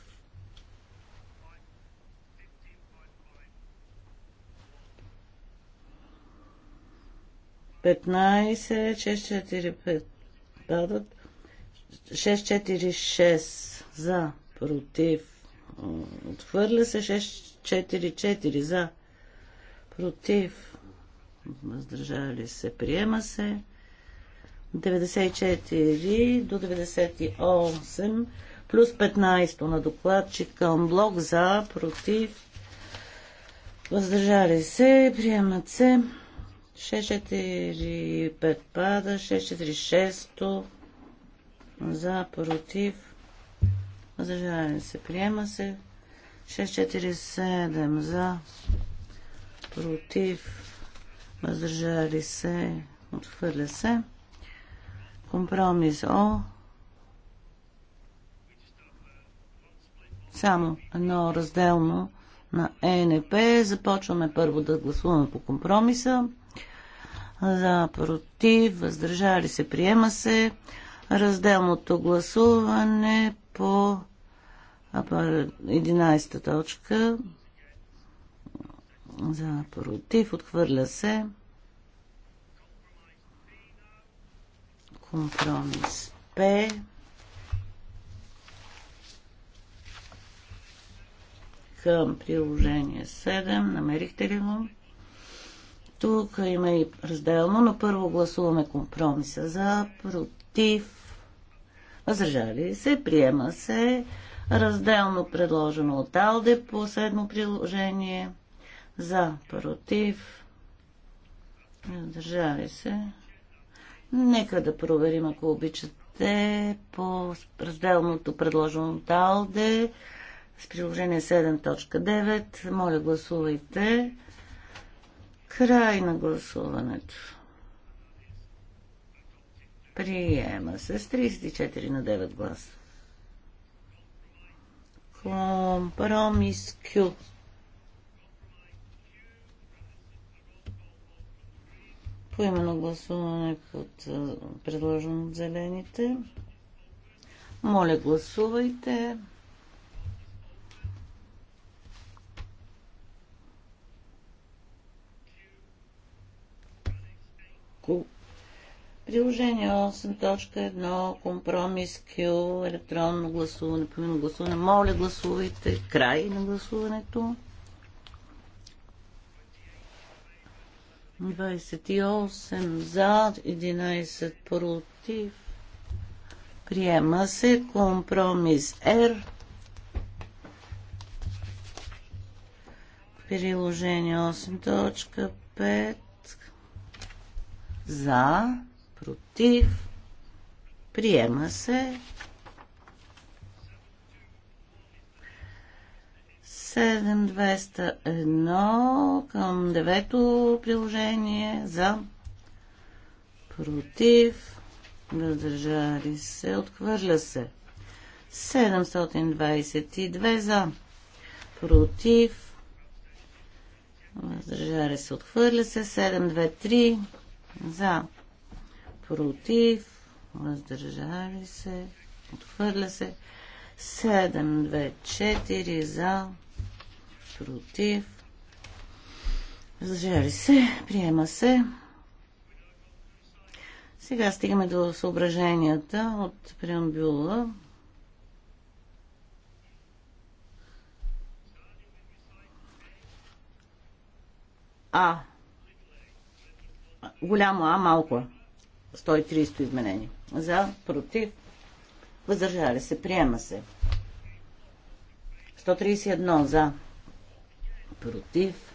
Петнайсет, шест, четири, пет Шест, четири, шест за, против, Отвърля се 6-4-4 за. Против. Въздържали се. Приема се. 94 до 98 плюс 15 на докладчик към блок за, против, въздържали се, приемат се 6-4-5 пада, 6-4-6 за, против, Въздържали се. Приема се. 647 за. Против. Въздържали се. Отхвърля се. Компромис О. Само едно разделно на ЕНП. Започваме първо да гласуваме по компромиса. За, против, въздържали се, приема се. Разделното гласуване по а по 11 точка за против отхвърля се. Компромис П. към приложение 7. Намерихте ли го? Тук има и разделно, но първо гласуваме компромиса за, против, Възражали се, приема се. Разделно предложено от Алде по седмо приложение. За, против. държави се. Нека да проверим, ако обичате, по разделното предложено от Алде с приложение 7.9. Моля, гласувайте. Край на гласуването. Приема се с 34 на 9 гласа. Компромис Q. Поименно гласуване под предложено от зелените. Моля, гласувайте. Cool. Приложение 8.1, компромис Q, електронно гласуване, Помимо гласуване. Моля, гласувайте. Край на гласуването. 28 за, 11 против. Приема се компромис R. Приложение 8.5 за против, приема се. 7201 към девето приложение за против, въздържали се, отхвърля се. 722 за против, въздържали се, отхвърля се. 723 за против, въздържали се, отхвърля се. 7, 2, 4 за, против, въздържали се, приема се. Сега стигаме до съображенията от преамбюла. А. Голямо А, малко 130 изменение. За, против, въздържали се, приема се. 131 за, против,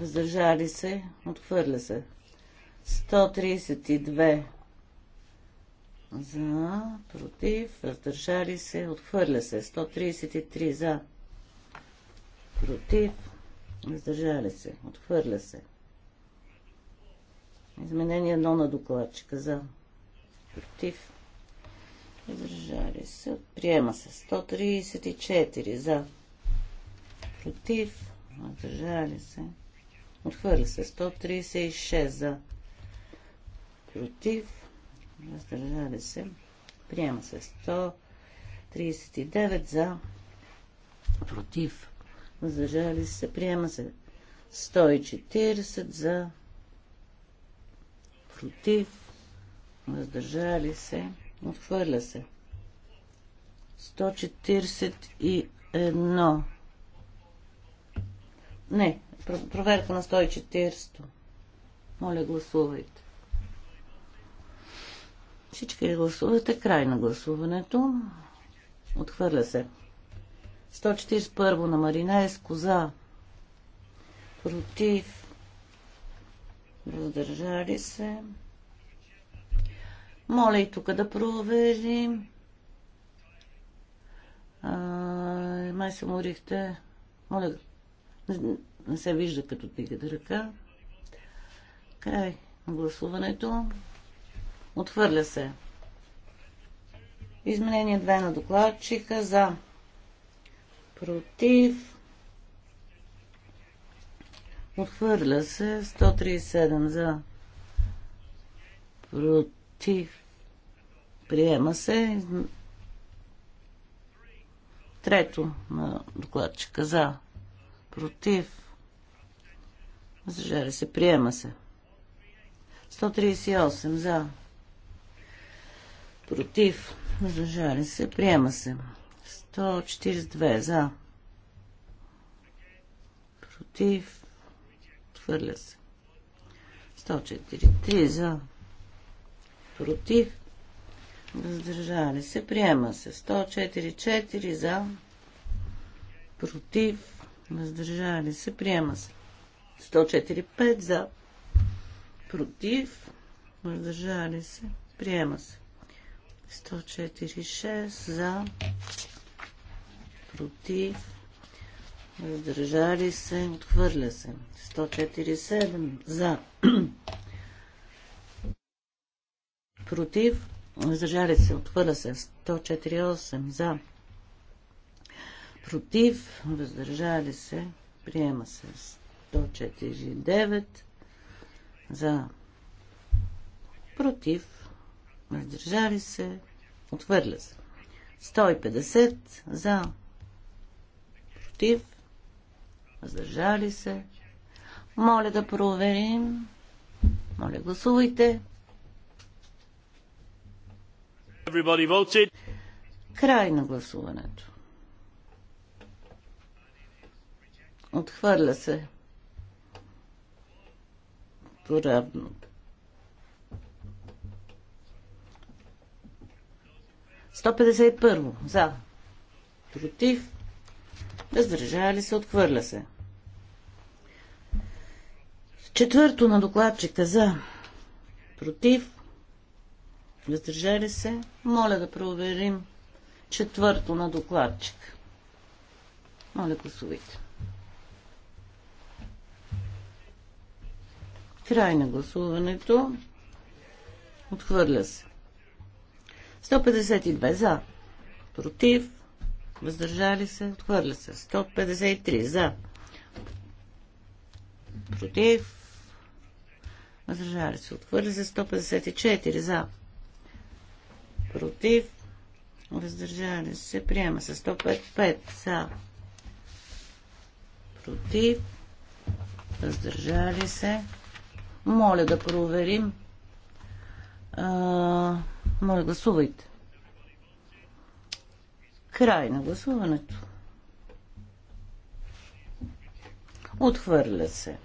въздържали се, отхвърля се. 132 за, против, въздържали се, отхвърля се. 133 за, против, въздържали се, отхвърля се. 134 Изменение едно на докладчика за против. Въздържали се. Приема се. 134 за против. Отдържали се. Отхвърля се. 136 за против. Раздържали се. Приема се. 139 за против. Въздържали се. Приема се. 140 за против против, въздържали се, отхвърля се. 141. Не, проверка на 140. Моля, гласувайте. Всички гласувате. Край на гласуването. Отхвърля се. 141 на Маринеско за. Против въздържали се. Моля и тук да проверим. А, май се морихте. Моля, не, не се вижда като дигате ръка. Край на гласуването. Отхвърля се. Изменение 2 на докладчика за против Отхвърля се 137 за. Против. Приема се. Трето на докладчика за. Против. Въздържали се. Приема се. 138 за. Против. Въздържали се. Приема се. 142 за. Против. Отхвърля се. 104 за. Против. Въздържали се. Приема се. 104 за. Против. Въздържали се. Приема се. 104 за. Против. Въздържали се. Приема се. 146 за. Против въздържали се, отхвърля се. 147 за. Против, въздържали се, отхвърля се. 148 за. Против, въздържали се, приема се. 149 за. Против, въздържали се, отхвърля се. 150 за. Против, въздържали се. Моля да проверим. Моля, гласувайте. Край на гласуването. Отхвърля се. Поравно. Сто първо. За. Против ли се, отхвърля се. Четвърто на докладчика за. Против. Въздържали се. Моля да проверим четвърто на докладчик. Моля, гласувайте. Край на гласуването. Отхвърля се. 152 за. Против. Въздържали се. Отхвърля се. 153. За. Против. Въздържали се. Отхвърля се. 154. За. Против. Въздържали се. Приема се. 155. За. Против. Въздържали се. Моля да проверим. А, моля, гласувайте. Край на гласуването. Отхвърля се.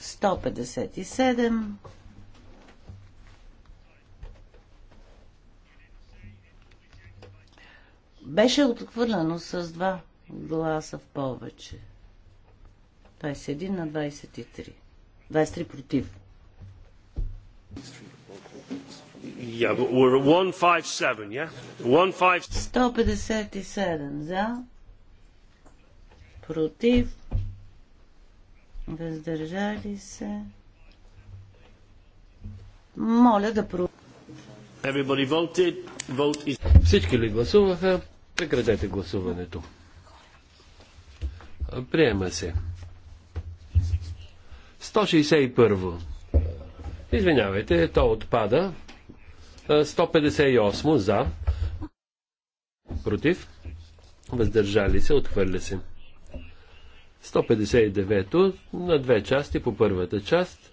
157. Беше отхвърлено с два гласа в повече. 21 на 23. 23 против. 23. Yeah, but we're at 157, yeah? 157 за. Против. Въздържали се. Моля да про... Everybody voted. Vote is... Всички ли гласуваха? Прекратете гласуването. Приема се. 161. Извинявайте, то отпада. 158 е, за, против, въздържали се, отхвърля се. 159 на две части по първата част,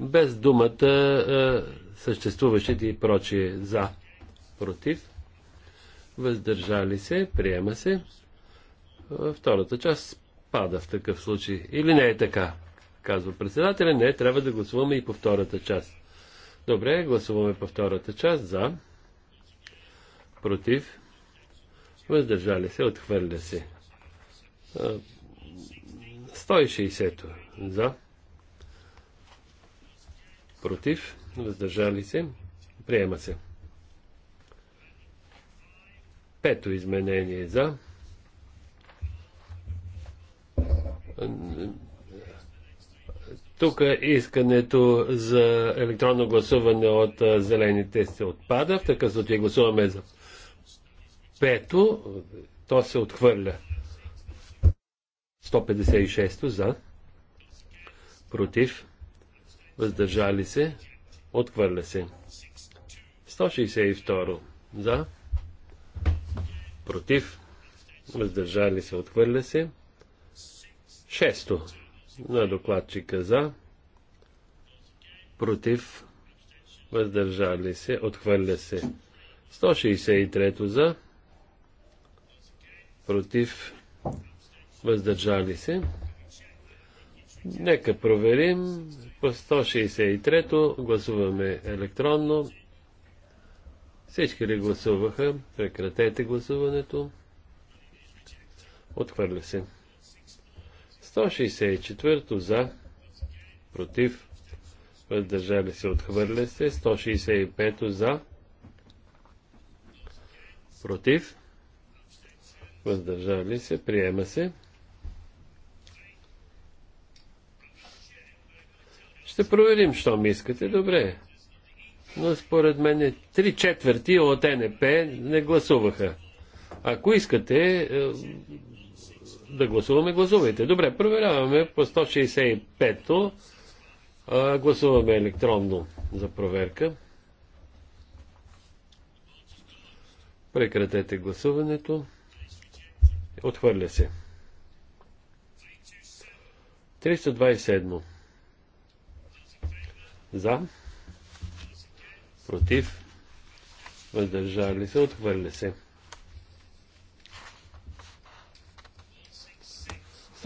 без думата е, съществуващите и прочие за, против, въздържали се, приема се. Е, втората част пада в такъв случай. Или не е така, казва председателя, не, трябва да гласуваме и по втората част. Добре, гласуваме по втората част. За. Против. Въздържали се. Отхвърля се. 160 за. Против. Въздържали се. Приема се. Пето изменение за тук искането за електронно гласуване от зелените се отпада. В такъв случай гласуваме за пето. То се отхвърля. 156 за. Против. Въздържали се. Отхвърля се. 162 за. Против. Въздържали се. Отхвърля се. Шесто на докладчика за, против, въздържали се, отхвърля се. 163 за, против, въздържали се. Нека проверим. По 163-то гласуваме електронно. Всички ли гласуваха? Прекратете гласуването. Отхвърля се. 164 за, против, въздържали се, отхвърля се. 165 за, против, въздържали се, приема се. Ще проверим, що ми искате. Добре. Но според мен 3 е четвърти от НП не гласуваха. Ако искате, е, да гласуваме, гласувайте. Добре, проверяваме по 165-то. гласуваме електронно за проверка. Прекратете гласуването. Отхвърля се. 327. За. Против. Въздържали се. Отхвърля се.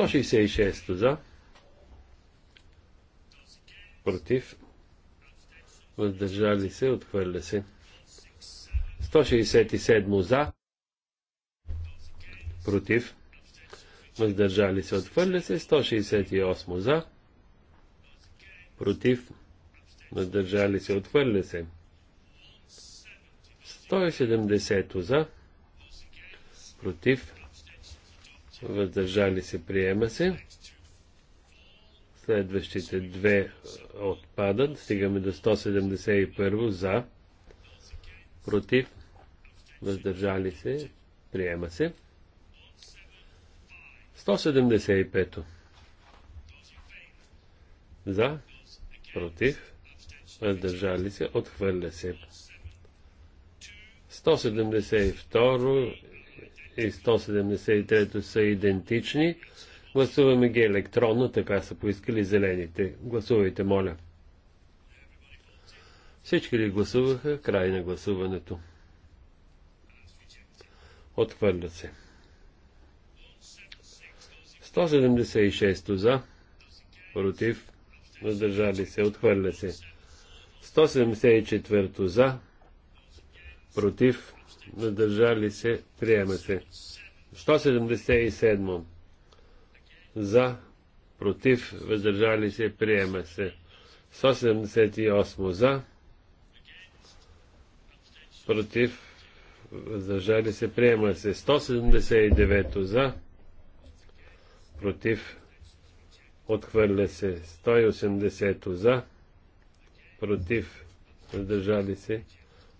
166 за, против, въздържали се, отхвърля се. 167 за, против, въздържали се, отхвърля се. 168 за, против, въздържали се, отхвърля се. 170 за, против, въздържали се, приема се. Следващите две отпадат. Стигаме до 171 за, против, въздържали се, приема се. 175 за, против, въздържали се, отхвърля се. 172 и 173 са идентични. Гласуваме ги електронно, така са поискали зелените. Гласувайте, моля. Всички ли гласуваха? Край на гласуването. Отхвърля се. 176 за, против, въздържали се, отхвърля се. 174 за, против, въздържали се, приема се. 177 за, против, въздържали се, приема се. 178 за, против, въздържали се, приема се. 179 за, против, отхвърля се. 180 за, против, въздържали се,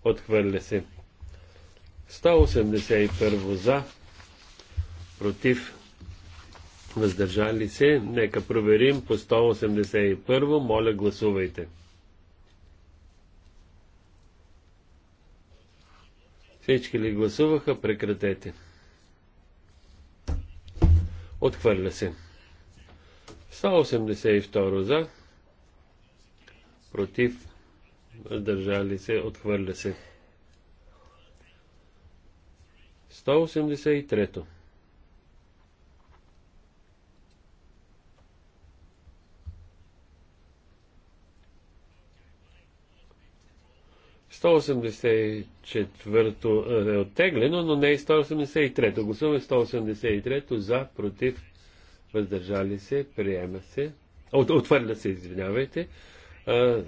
отхвърля се. 181 за, против, въздържали се. Нека проверим по 181. Моля, гласувайте. Всички ли гласуваха? Прекратете. Отхвърля се. 182 за, против, въздържали се, отхвърля се. 183-то. Е, е оттеглено, но не и 183-то. Гласуваме 183-то за, против, въздържали се, приема се. От, отвърля се, извинявайте. Е,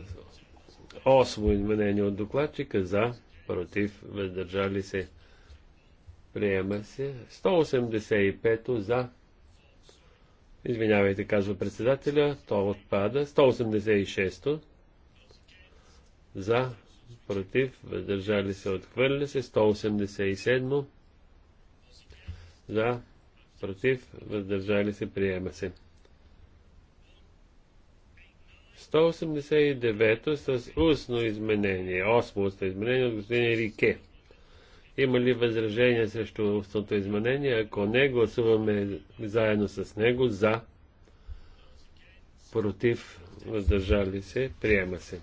осмо изменение от докладчика за, против, въздържали се, Приема се. 185 за. Извинявайте, казва председателя. То отпада. 186 за. Против. Въздържали се. Отхвърля се. 187 за. Против. Въздържали се. Приема се. 189 с устно изменение. Осмо устно изменение от господин Рике. Има ли възражение срещу устното изменение? Ако не, гласуваме заедно с него за, против, въздържали се, приема се.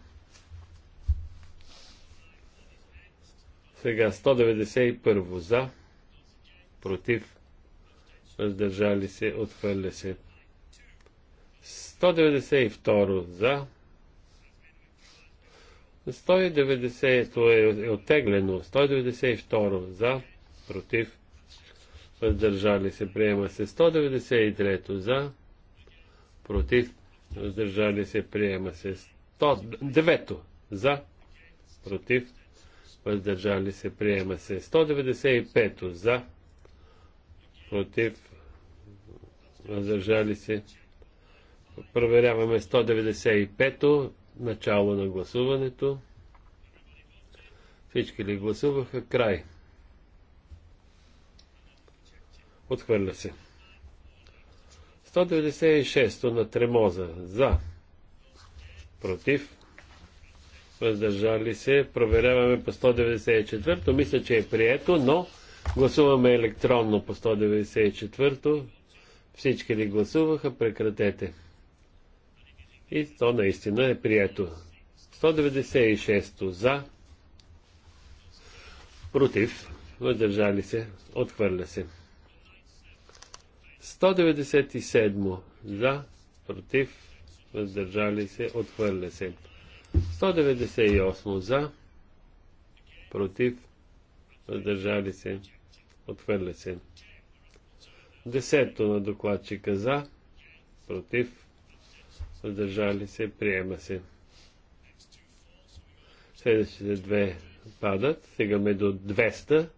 Сега 191 за, против, въздържали се, отхвърля се. 192 за, 190 то е, е оттеглено. 192 за, против, въздържали се, приема се. 193 за, против, въздържали се, приема се. 109 за, против, въздържали се, приема се. 195 за, против, въздържали се. Проверяваме 195-то. Начало на гласуването. Всички ли гласуваха? Край. Отхвърля се. 196 на Тремоза. За. Против. Въздържали се. Проверяваме по 194. то Мисля, че е прието, но гласуваме електронно по 194. то Всички ли гласуваха? Прекратете. И то наистина е прието. 196 за, против, въздържали се, отхвърля се. 197 за, против, въздържали се, отхвърля се. 198 за, против, въздържали се, отхвърля се. Десето на докладчика за, против, въздържали се, приема се. Следващите две падат. Стигаме до 200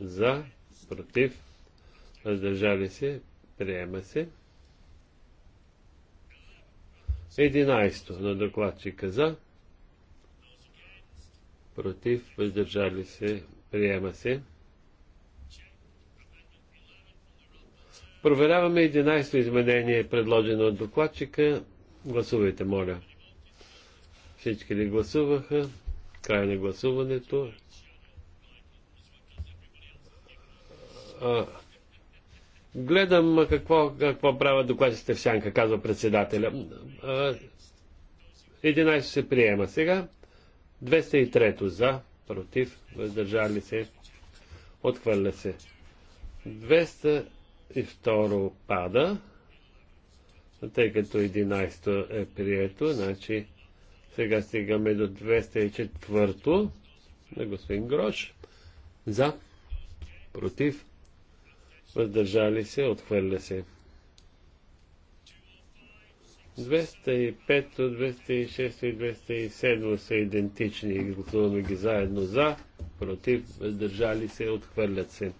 за, против, въздържали се, приема се. 11 на докладчика за, против, въздържали се, приема се. Проверяваме 11-то изменение, предложено от докладчика. Гласувайте, моля. Всички ли гласуваха? Край на гласуването. А, гледам какво, какво правят докладчите в сянка, казва председателя. А, 11 се приема сега. 203 за, против, въздържали се, отхвърля се. 202 пада. Тъй като 11 е прието, значи сега стигаме до 204 то на господин Грош. За, против, въздържали се, отхвърля се. 205, 206 и 207 са идентични и гласуваме ги заедно за, против, въздържали се, отхвърлят се.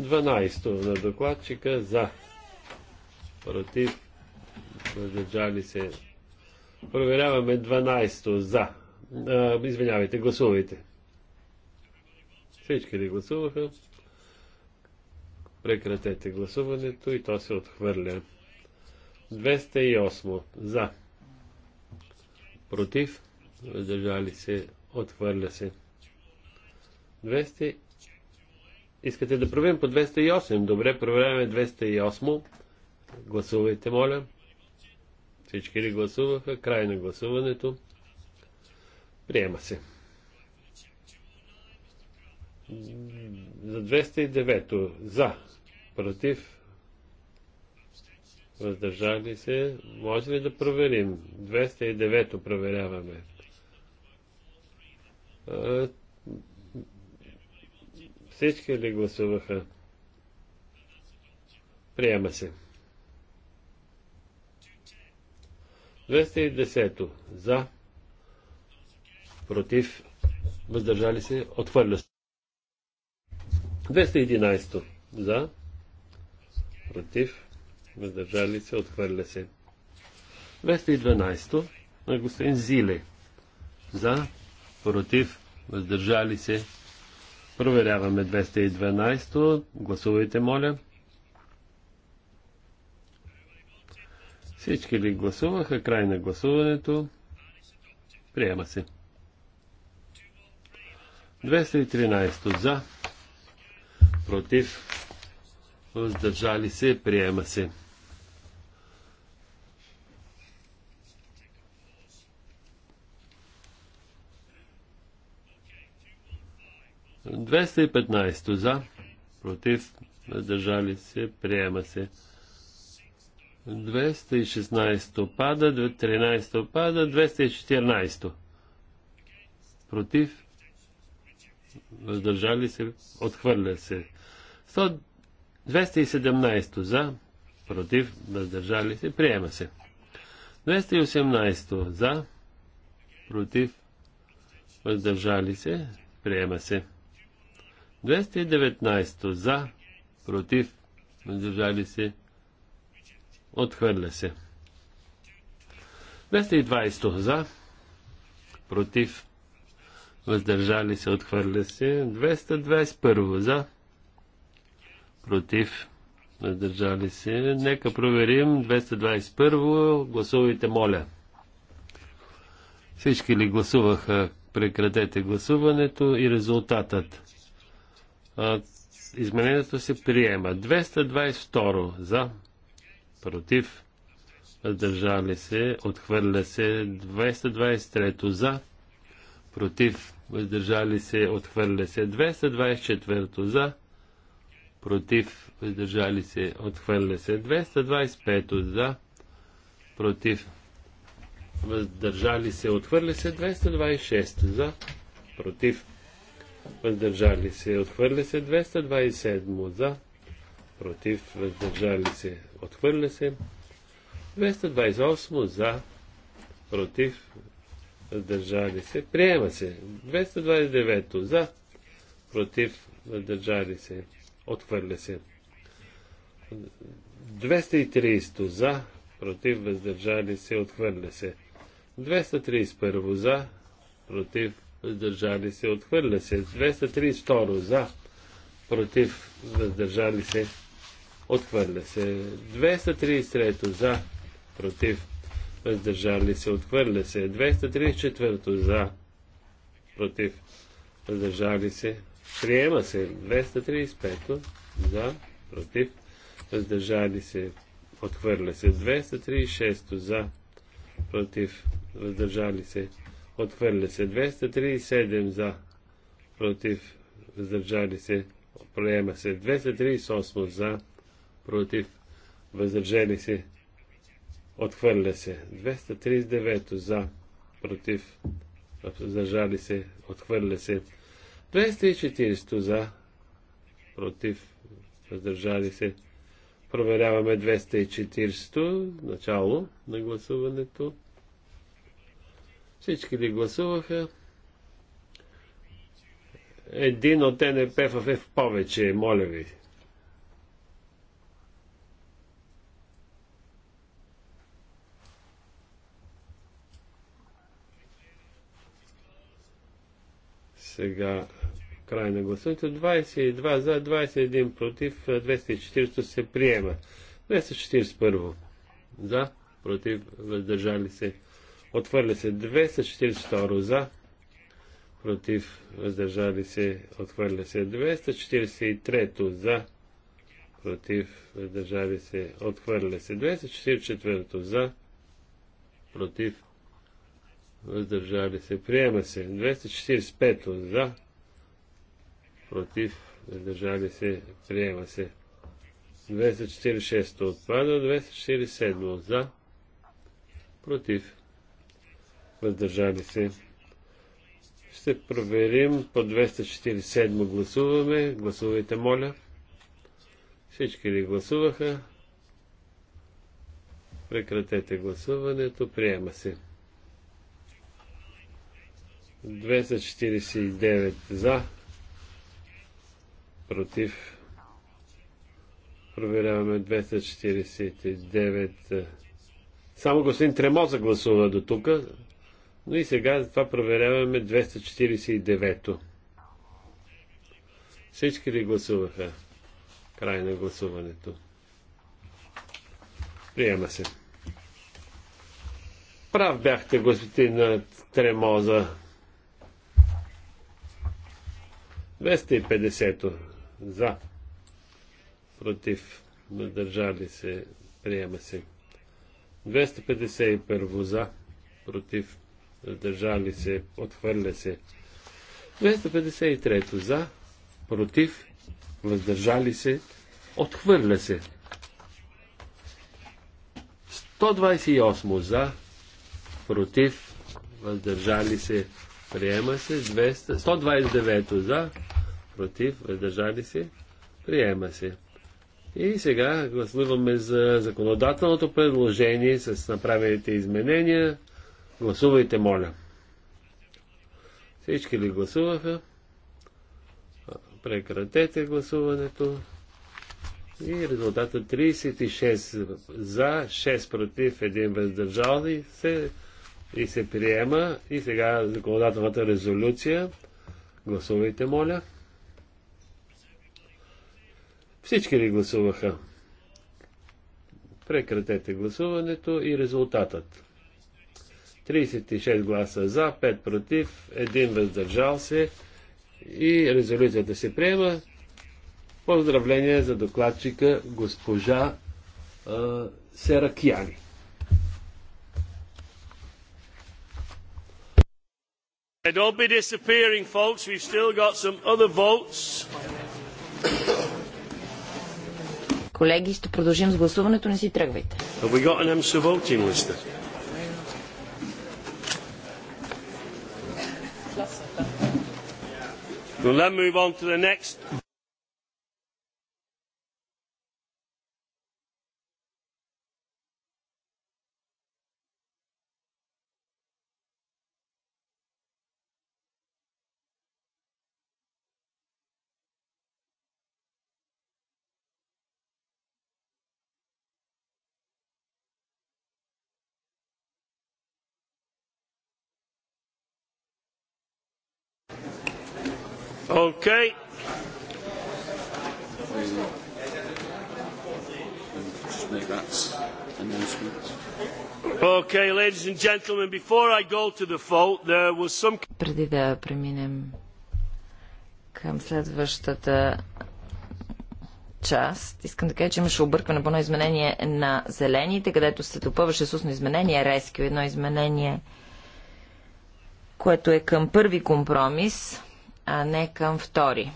12 на докладчика за, против, въздържали се. Проверяваме 12 за. А, извинявайте, гласувайте. Всички ли гласуваха? Прекратете гласуването и то се отхвърля. 208 за. Против, въздържали се, отхвърля се. 200. Искате да проверим по 208? Добре, проверяваме 208. Гласувайте, моля. Всички ли гласуваха? Край на гласуването. Приема се. За 209 за, против, въздържали се. Може ли да проверим? 209 проверяваме. Всички ли гласуваха? Приема се. 210 за, против, въздържали се, отхвърля се. 211 за, против, въздържали се, отхвърля се. 212 на господин Зиле. За, против, въздържали се. Проверяваме 212. Гласувайте, моля. Всички ли гласуваха? Край на гласуването. Приема се. 213 за, против, въздържали се, приема се. Двеста за, против, въздържали се, приема се. 216 пада, 13 пада, 214. Против. Въздържали се. Отхвърля се. 217 за. Против. Въздържали се. Приема се. 218 за. Против. Въздържали се. Приема се. 219 за. Против. Въздържали се. Отхвърля се. 220 за. Против. Въздържали се. Отхвърля се. 221 за. Против. Въздържали се. Нека проверим. 221. Гласувайте, моля. Всички ли гласуваха? Прекратете гласуването и резултатът. Изменението се приема. 222 за против, въздържали се, отхвърля се 223 за, против, въздържали се, отхвърля се 224 за, против, въздържали се, отхвърля се 225 за, против, въздържали се, отхвърля се 226 за, против, въздържали се, отхвърля се 227 за, против, въздържали се, отхвърля се. 228 за, против, въздържали се, приема се. 229 за, против, въздържали се, отхвърля се. 230 за, против, въздържали се, отхвърля се. 231 за, против, въздържали се, отхвърля се. 232 за, против, въздържали се, Отхвърля се. 233 за. Против. Въздържали се. Отхвърля се. 234 за. Против. Въздържали се. Приема се. 235 за. Против. Въздържали се. Отхвърля се. 236 за. Против. Въздържали се. Отхвърля се. 237 за. Против. Въздържали се. Приема се. 238 за против, въздържали се, отхвърля се. 239 за, против, въздържали се, отхвърля се. 240 за, против, въздържали се. Проверяваме 240 начало на гласуването. Всички ли гласуваха? Един от е в повече, моля ви. Сега край на гласуването. 22 за, 21 против, 240 се приема. 241 за, против, въздържали се. Отвърля се 242 за, против, въздържали се. Отвърля се 243 за, против, въздържали се. Отхвърля се 244 за, против, въздържали се, приема се. 245 за, против, въздържали се, приема се. 246 отпада, 247 за, против, въздържали се. Ще проверим, по 247 гласуваме, гласувайте, моля. Всички ли гласуваха? Прекратете гласуването, приема се. 249 за, против. Проверяваме 249. Само господин Тремоза гласува до тук, но и сега това проверяваме 249-то. Всички ли гласуваха? Край на гласуването. Приема се. Прав бяхте, господин Тремоза. 250 за, против, въздържали се, приема се. 251 за, против, въздържали се, отхвърля се. 253 за, против, въздържали се, отхвърля се. 128 за, против, въздържали се, Приема се 200, 129 за, против, въздържали се, приема се. И сега гласуваме за законодателното предложение с направените изменения. Гласувайте, моля. Всички ли гласуваха? Прекратете гласуването. И резултата 36 за, 6 против, 1 въздържал се и се приема. И сега законодателната резолюция. Гласувайте, моля. Всички ли гласуваха? Прекратете гласуването и резултатът. 36 гласа за, 5 против, 1 въздържал се и резолюцията се приема. Поздравление за докладчика госпожа а, Серакияни. Don't be disappearing, folks. We've still got some other votes. Колеги, ще продължим с гласуването. Не си тръгвайте. Have we got an voting list? We'll then move on to the next. Okay. Okay, ladies and gentlemen, before I go to the vote, there was some... Преди да преминем към следващата част, искам да кажа, че имаше объркване по едно изменение на зелените, където се допъваше с устно изменение, резки, едно изменение, което е към първи компромис – а не към втори.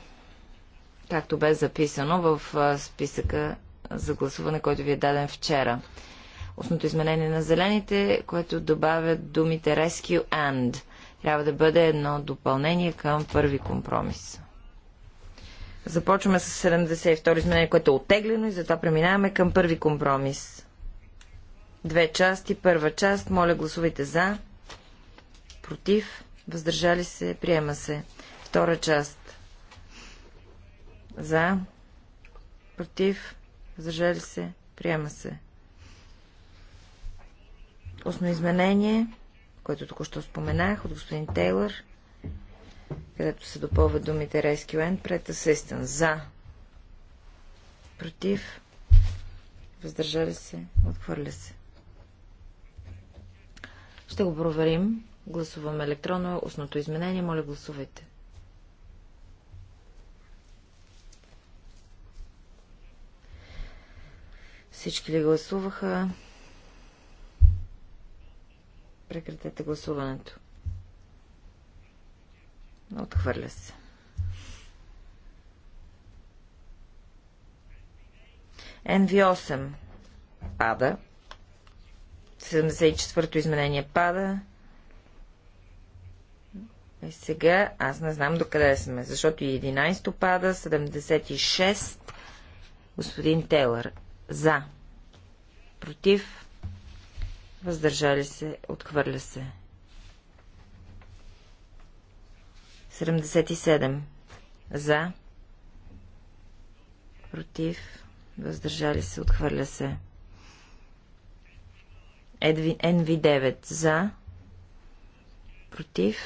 Както бе записано в списъка за гласуване, който ви е даден вчера. Основното изменение на зелените, което добавя думите Rescue and. Трябва да бъде едно допълнение към първи компромис. Започваме с 72 изменение, което е отеглено и затова преминаваме към първи компромис. Две части. Първа част. Моля гласувайте за. Против. Въздържали се. Приема се. Втора част. За. Против. Въздържали се. Приема се. Осно изменение, което току-що споменах от господин Тейлър, където се допълва думите Rescue and Pret Assistance. За. Против. Въздържали се. Отхвърля се. Ще го проверим. Гласуваме електронно. Осното изменение. Моля, гласувайте. Всички ли гласуваха? Прекратете гласуването. Отхвърля се. NV8 пада. 74-то изменение пада. И сега аз не знам докъде сме, защото и 11-то пада, 76 господин Телър за. Против. Въздържали се. Отхвърля се. 77. За. Против. Въздържали се. Отхвърля се. NV9. За. Против.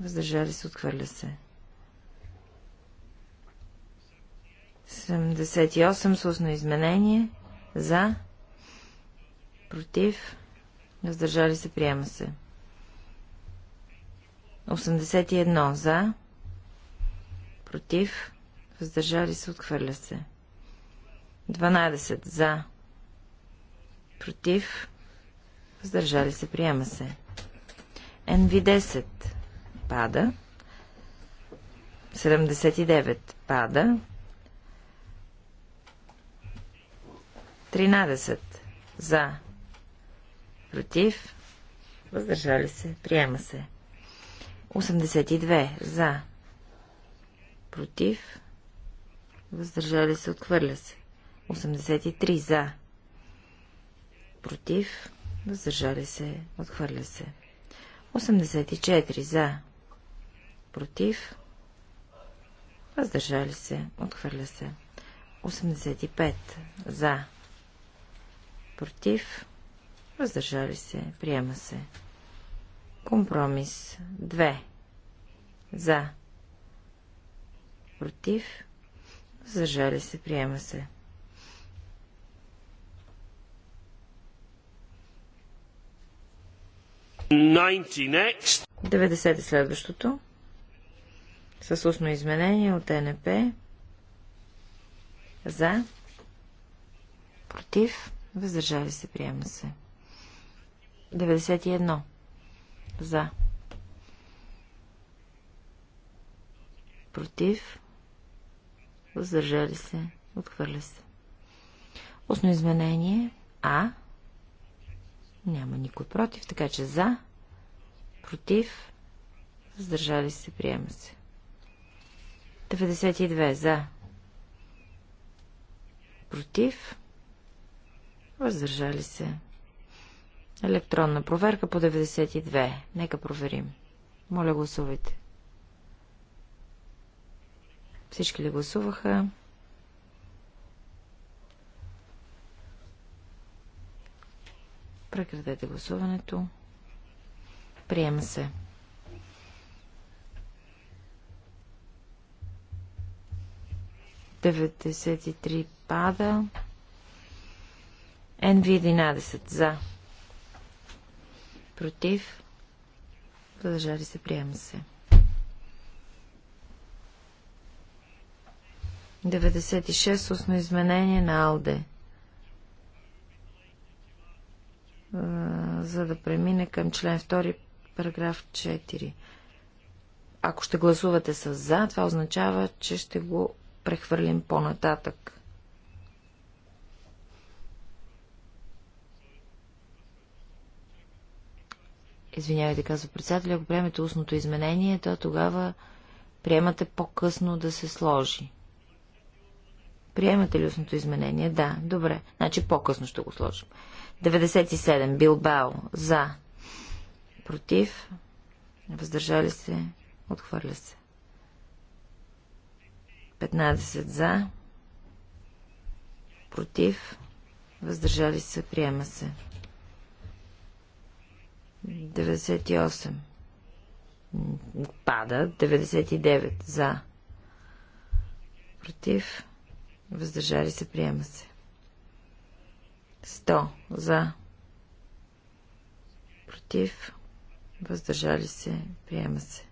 Въздържали се. Отхвърля се. 78 с устно изменение. За. Против. Въздържали се. Приема се. 81 за. Против. Въздържали се. Отхвърля се. 12 за. Против. Въздържали се. Приема се. NV10 пада. 79 пада. 13 за, против, въздържали се, приема се. 82 за, против, въздържали се, отхвърля се. 83 за, против, въздържали се, отхвърля се. 84 за, против, въздържали се, отхвърля се. 85 за, против, въздържали се, приема се. Компромис 2 за, против, въздържали се, приема се. Next. 90 е следващото. С устно изменение от НП. За. Против. Въздържали се. Приема се. 91. За. Против. Въздържали се. Отхвърля се. Осно изменение. А. Няма никой против, така че за. Против. Въздържали се. Приема се. 92. За. Против. Въздържали се. Електронна проверка по 92. Нека проверим. Моля гласувайте. Всички ли гласуваха? Прекратете гласуването. Приема се. Деветдесет и три пада. NV11 за. Против. Въздържали се. Приема се. 96 устно изменение на Алде. За да премине към член 2, параграф 4. Ако ще гласувате с за, това означава, че ще го прехвърлим по-нататък. Извинявайте, казва председателя, ако приемете устното изменение, то тогава приемате по-късно да се сложи. Приемате ли устното изменение? Да, добре. Значи по-късно ще го сложим. 97. Билбао. За. Против. Въздържали се. Отхвърля се. 15 за. Против. Въздържали се. Приема се. 98. Пада. 99. За. Против. Въздържали се. Приема се. 100. За. Против. Въздържали се. Приема се.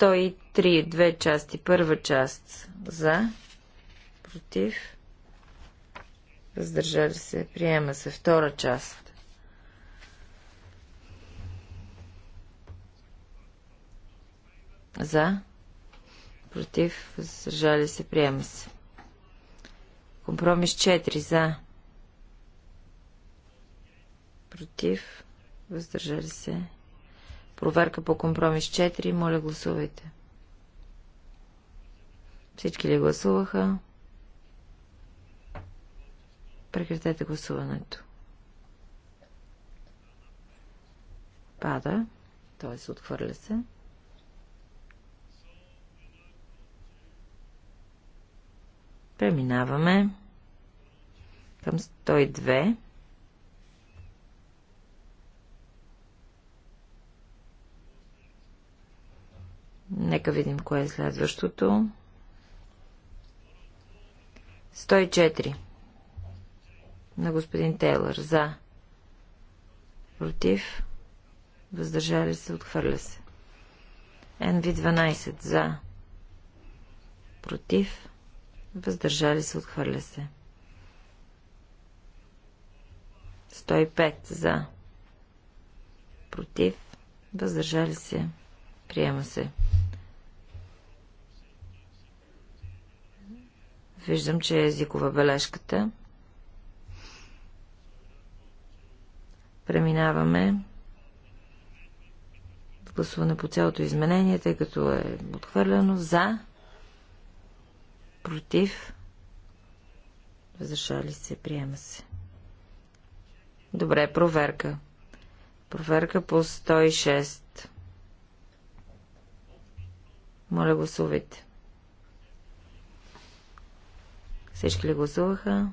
103, две части. Първа част за, против, въздържали се, приема се. Втора част. За, против, въздържали се, приема се. Компромис 4 за, против, въздържали се, Проверка по компромис 4. Моля, гласувайте. Всички ли гласуваха? Прекратете гласуването. Пада, Той се отхвърля се. Преминаваме към 102. Нека видим кое е следващото. 104. На господин Тейлър. За. Против. Въздържали се. Отхвърля се. NV12. За. Против. Въздържали се. Отхвърля се. 105. За. Против. Въздържали се. Приема се. Виждам, че е езикова бележката. Преминаваме в гласуване по цялото изменение, тъй като е отхвърлено за, против, въздържали се, приема се. Добре, проверка. Проверка по 106. Моля, гласувайте. Всички ли гласуваха?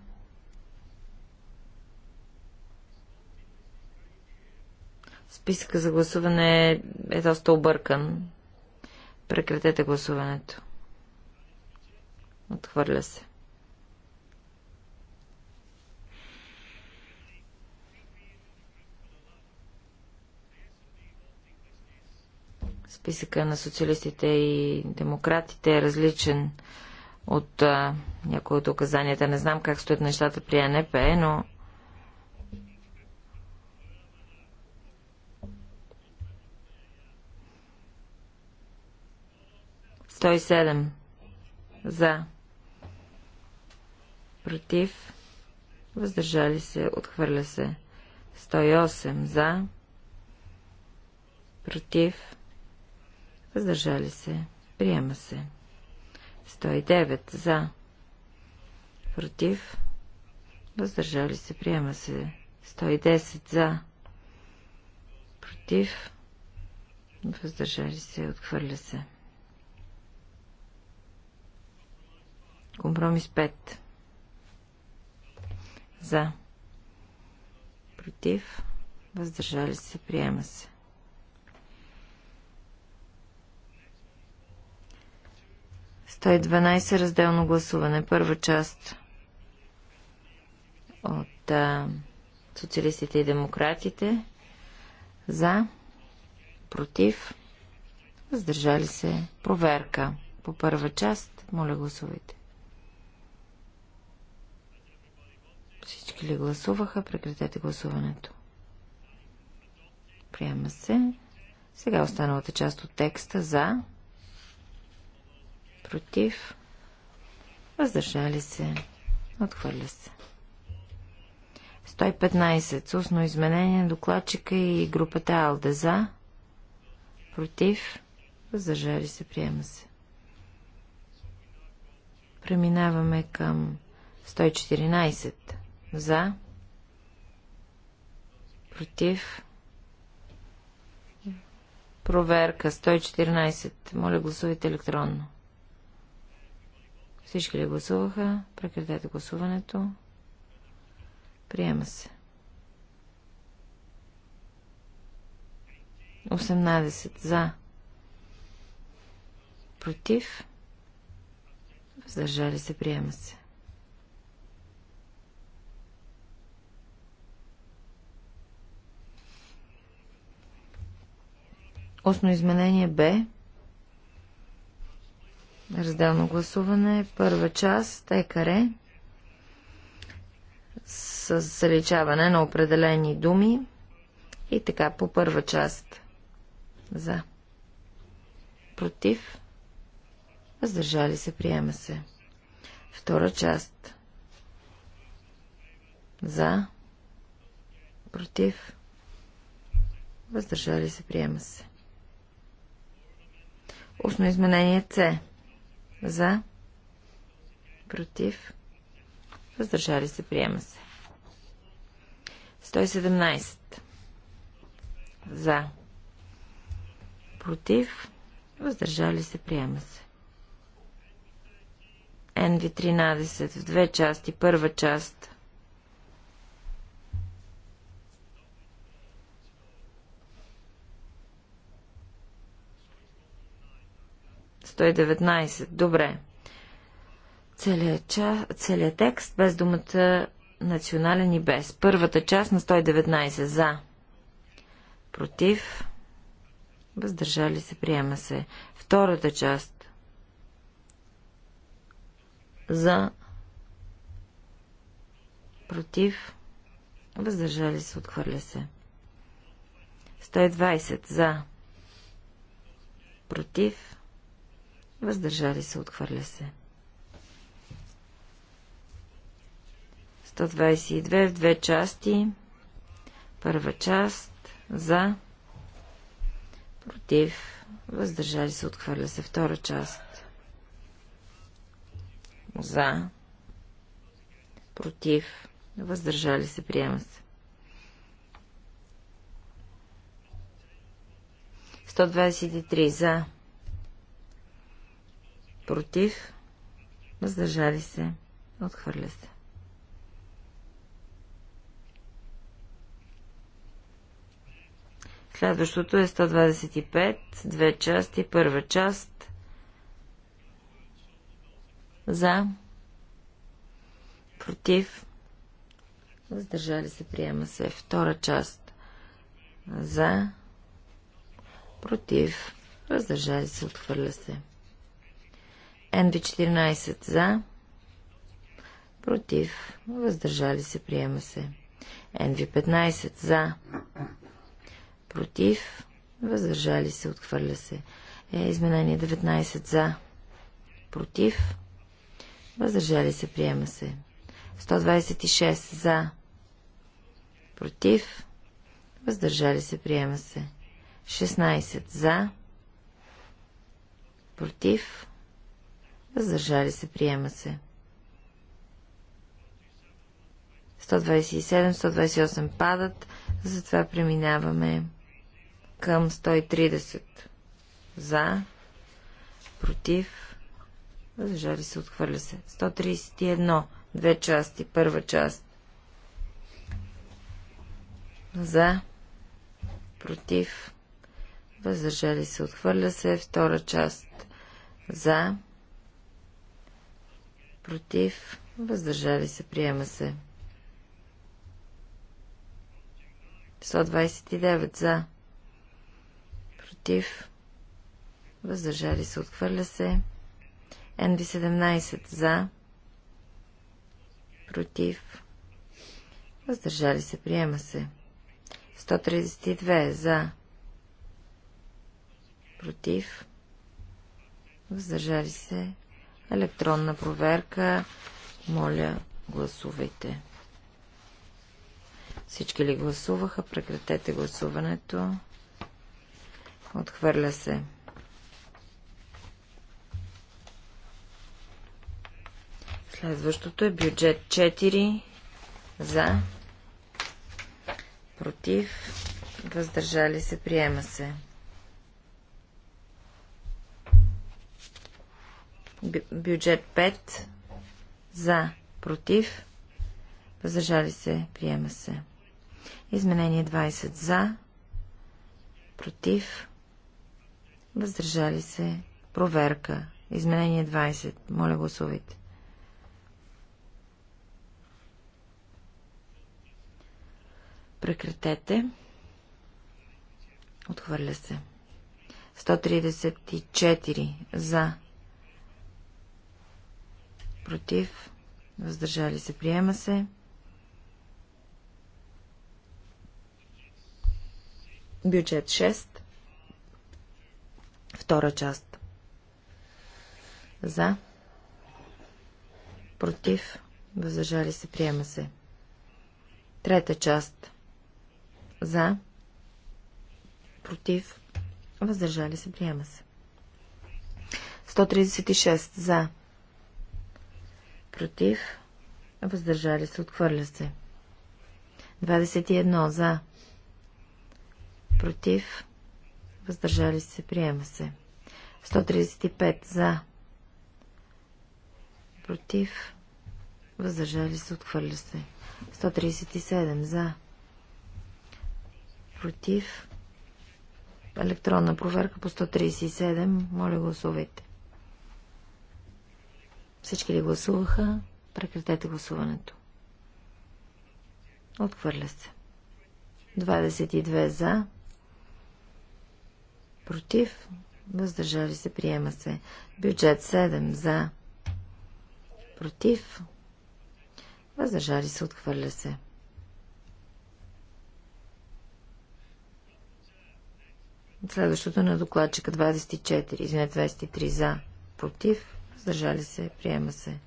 Списъка за гласуване е доста объркан. Прекратете гласуването. Отхвърля се. Списъка на социалистите и демократите е различен от а, някои от указанията. Не знам как стоят нещата при НП, но Стой седем. За. Против. Въздържали се. Отхвърля се. 108 за. Против. Въздържали се. Приема се. 109 за. Против. Въздържали се. Приема се. 110 за. Против. Въздържали се. Отхвърля се. Компромис 5. За. Против. Въздържали се. Приема се. 112 разделно гласуване. Първа част от а, социалистите и демократите. За. Против. Въздържали се. Проверка. По първа част. Моля гласувайте. Всички ли гласуваха? Прекратете гласуването. Приема се. Сега останалата част от текста за против, въздържали се, отхвърля се. 115. Сусно изменение на докладчика и групата Алдеза. за, против, въздържали се, приема се. Преминаваме към 114. За, против, проверка 114. Моля гласувайте електронно. Всички ли гласуваха? Прекратете гласуването. Приема се. 18 за. Против. Въздържали се. Приема се. Осно изменение Б. Разделно гласуване. Първа част. текаре С заличаване на определени думи. И така по първа част. За. Против. Въздържали се. Приема се. Втора част. За. Против. Въздържали се. Приема се. Устно изменение С за. Против. Въздържали се. Приема се. 117. За. Против. Въздържали се. Приема се. NV13 в две части. Първа част. 119. Добре. Целият, ча... целият текст без думата национален и без. Първата част на 119. За. Против. Въздържали се. Приема се. Втората част. За. Против. Въздържали се. Отхвърля се. 120. За против, Въздържали се, отхвърля се. 122 в две части. Първа част за, против, въздържали се, отхвърля се. Втора част за, против, въздържали се, приема се. 123 за, против, въздържали се, отхвърля се. Следващото е 125, две части, първа част за, против, въздържали се, приема се. Втора част за, против, въздържали се, отхвърля се nb 14 за. Против. Въздържали се. Приема се. NV15 за. Против. Въздържали се. Отхвърля се. Е, изменение 19 за. Против. Въздържали се. Приема се. 126 за. Против. Въздържали се. Приема се. 16 за. Против. Въздържали се, приема се. 127, 128 падат, затова преминаваме към 130. За, против, въздържали се, отхвърля се. 131, две части, първа част. За, против, въздържали се, отхвърля се, втора част. За, против, въздържали се, приема се. 129 за, против, въздържали се, отхвърля се. NV17 за, против, въздържали се, приема се. 132 за, против, въздържали се, Електронна проверка. Моля, гласувайте. Всички ли гласуваха? Прекратете гласуването. Отхвърля се. Следващото е бюджет 4 за против въздържали се приема се. бюджет 5 за, против, въздържали се, приема се. Изменение 20 за, против, въздържали се, проверка. Изменение 20. Моля гласувайте. Прекратете. Отхвърля се. 134 за, против, въздържали се, приема се. Бюджет 6. Втора част. За. Против. Въздържали се. Приема се. Трета част. За. Против. Въздържали се. Приема се. 136. За против, въздържали се, отхвърля се. 21 за, против, въздържали се, приема се. 135 за, против, въздържали се, отхвърля се. 137 за, против, електронна проверка по 137, моля гласувайте. Всички ли гласуваха? Прекратете гласуването. Отхвърля се. 22 за. Против. Въздържали се. Приема се. Бюджет 7 за. Против. Въздържали се. Отхвърля се. Следващото на докладчика 24. Извинете, 23 за. Против. Въздържали се. Приема се.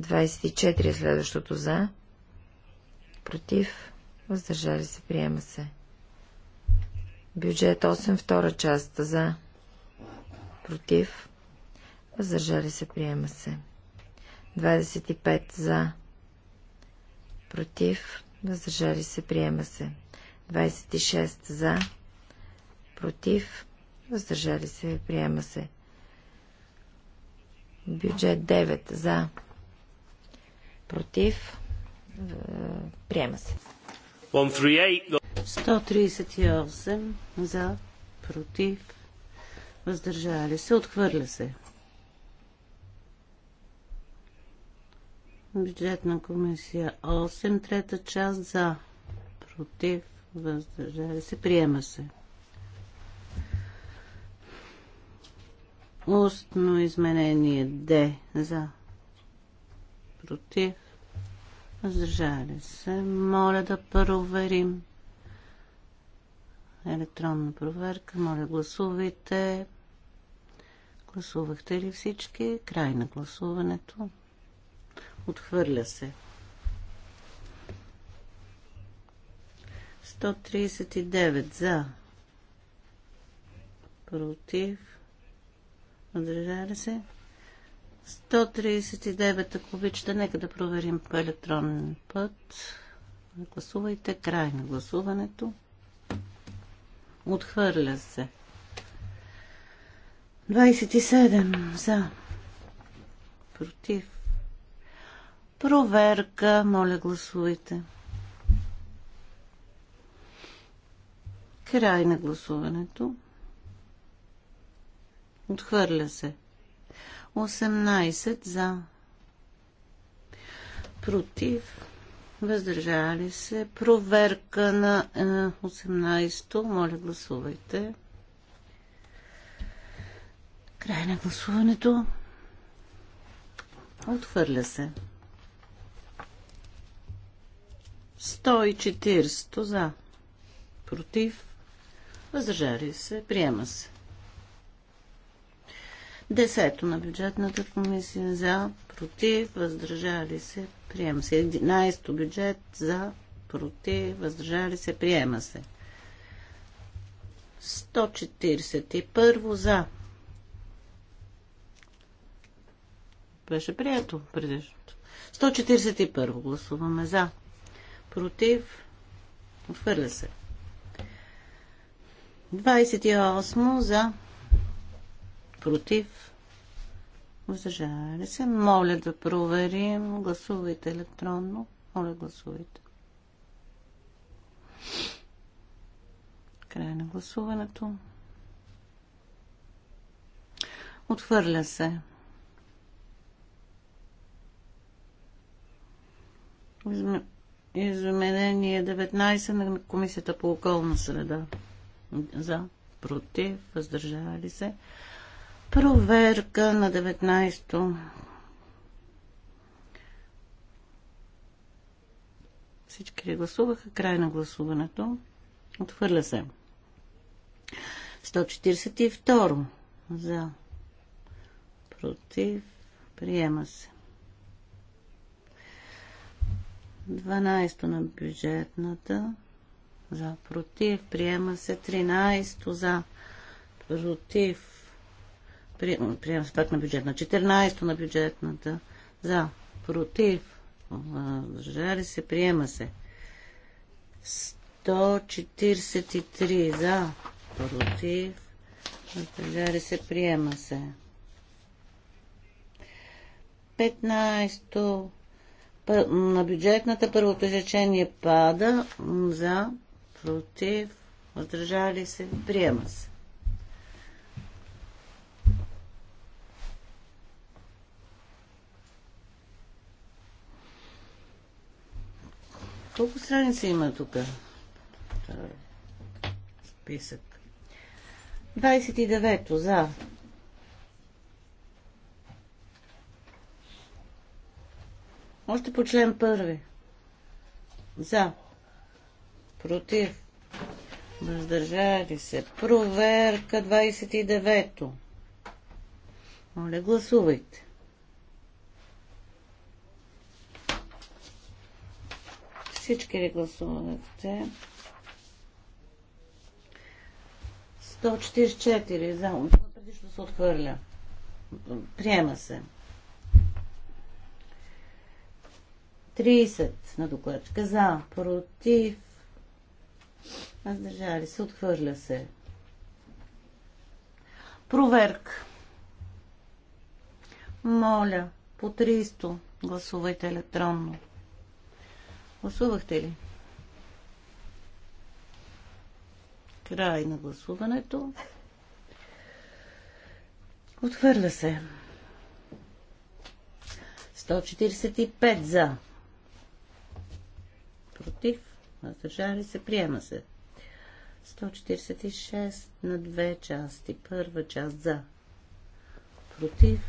24 е следващото за. Против. Въздържали се. Приема се. Бюджет 8, втора част за. Против. Въздържали се. Приема се. 25 за. Против. Въздържали се. Приема се. 26 за. Против въздържали се, приема се. Бюджет 9 за, против, е, приема се. 138 за, против, въздържали се, отхвърля се. Бюджетна комисия 8, трета част за, против, въздържали се, приема се. Устно изменение Д за против. Въздържали се. Моля да проверим. Електронна проверка. Моля гласувайте. Гласувахте ли всички? Край на гласуването. Отхвърля се. 139 за. Против. Въздържали се. 139, ако обичате, нека да проверим по електронен път. Гласувайте. Край на гласуването. Отхвърля се. 27 за. Против. Проверка. Моля, гласувайте. Край на гласуването. Отхвърля се. 18 за. Против. Въздържали се. Проверка на 18-то. Е, Моля, гласувайте. Край на гласуването. Отхвърля се. 140 за. Против. Въздържали се. Приема се. Десето на бюджетната комисия за, против, въздържали се, приема се. Единайсто бюджет за, против, въздържали се, приема се. 141 за. Беше прието предишното. 141 гласуваме за. Против. Отвърля се. 28 за против, въздържали се. Моля да проверим. Гласувайте електронно. Моля, гласувайте. Край на гласуването. Отвърля се. Изменение 19 на Комисията по околна среда. За, против, въздържали се. Проверка на 19-то. Всички ли гласуваха? Край на гласуването. Отхвърля се. 142 за против. Приема се. 12 на бюджетната за против. Приема се. 13 за против. Приема се пак на на 14 на бюджетната. За. Против. Въздържали се. Приема се. 143 за. Против. Въздържали се. Приема се. 15 на бюджетната първото изречение пада за, против, въздържали се, приема се. Колко страници има тук? Списък. 29-то за. Още по член първи. За. Против. Въздържали се. Проверка 29-то. Моля, гласувайте. Всички ли гласувате? 144 за. Предишно се отхвърля. Приема се. 30 на докладчика за. Против. Въздържали се. Отхвърля се. Проверк. Моля, по 300 гласувайте електронно. Гласувахте ли? Край на гласуването. Отхвърля се. 145 за. Против. Въздържали се. Приема се. 146 на две части. Първа част за. Против.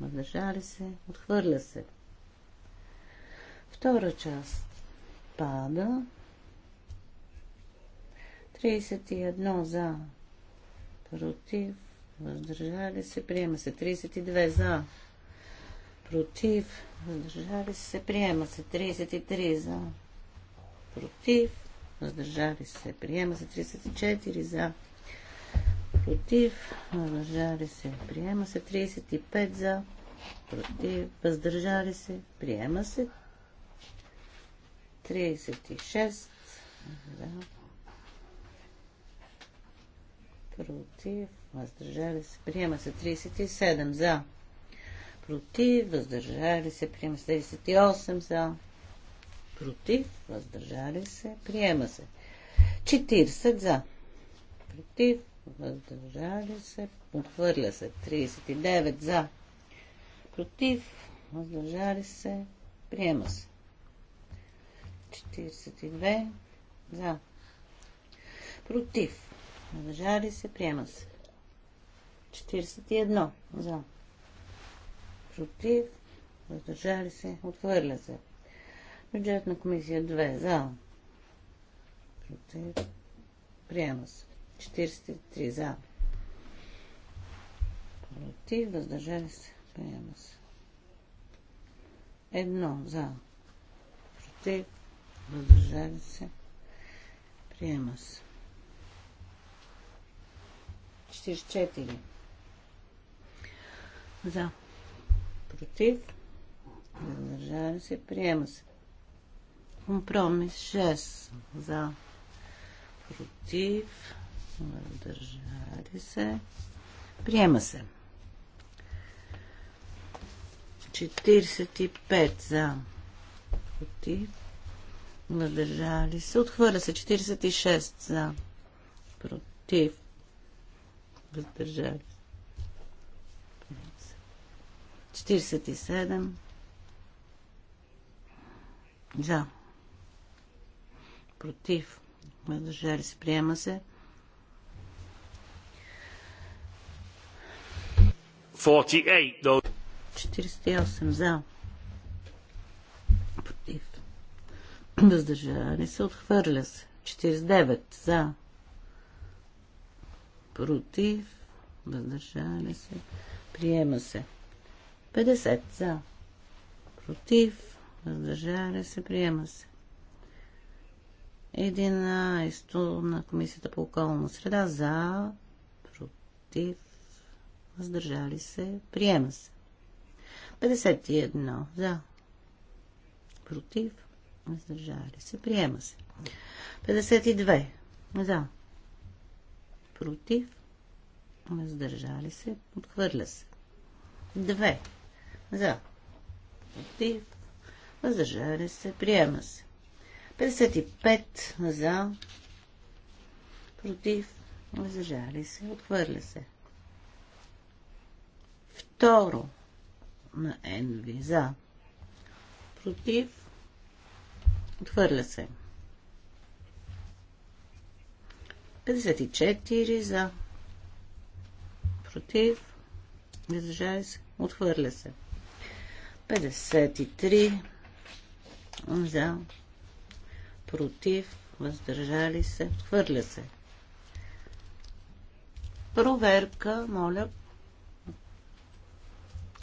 Въздържали се. Отхвърля се. Втора част пада. 31 за, против, въздържали се, приема се. 32 за, против, въздържали се, приема се. 33 за, против, въздържали се, приема се. 34 за, против, въздържали се, приема се. 35 за, против, въздържали се, приема се. 36 за против, въздържали се, приема се 37 за против, въздържали се, приема се 38 за против, въздържали се, приема се 40 за против, въздържали се, отхвърля се 39 за против, въздържали се, приема се 42 за. Против. Въздържали се. Приема се. 41 за. Против. Въздържали се. Отхвърля се. Бюджетна комисия 2 за. Против. Приема се. 43 за. Против. Въздържали се. Приема се. Едно за. Против въздържали се, приема се. 44 за, против, въздържали се, приема се. Компромис 6 за, против, въздържали се, приема се. 45 за, против, въздържали се. Отхвърля се 46 за, против, въздържали се. 47 за, против, въздържали се. Приема се. 48 за Въздържали се, отхвърля се. 49 за. Против. Въздържали се. Приема се. 50 за. Против. Въздържали се. Приема се. 11 на Комисията по околна среда за. Против. Въздържали се. Приема се. 51 за. Против Въздържали се. Приема се. 52. За. Против. Въздържали се. Отхвърля се. 2. За. Против. Въздържали се. Приема се. 55. За. Против. Въздържали се. Отхвърля се. Второ. На Енви. За. Против Отхвърля се. 54 за. Против. Въздържали се. Отхвърля се. 53 за. Против. Въздържали се. Отхвърля се. Проверка, моля.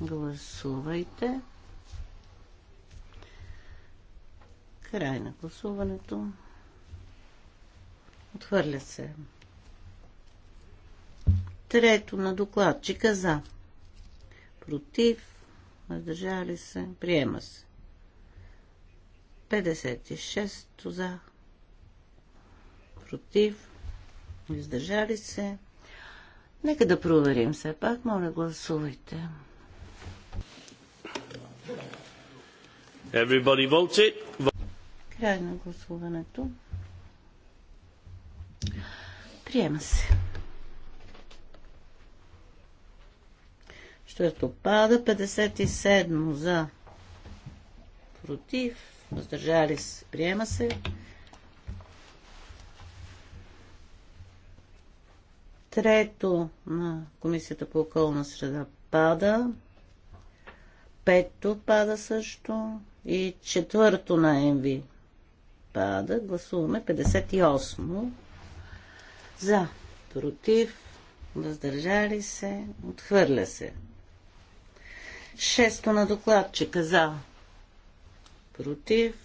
Гласувайте. Край на гласуването. Отхвърля се. Трето на докладчика за. Против. Въздържали се. Приема се. 56 за. Против. Въздържали се. Нека да проверим все пак. Моля, гласувайте. Everybody votes it. Край на гласуването. Приема се. Щето пада 57 за против, въздържали се, приема се. Трето на Комисията по околна среда пада. Пето пада също. И четвърто на МВ отпада. Гласуваме 58 за, против, въздържали се, отхвърля се. Шесто на докладчика за, против,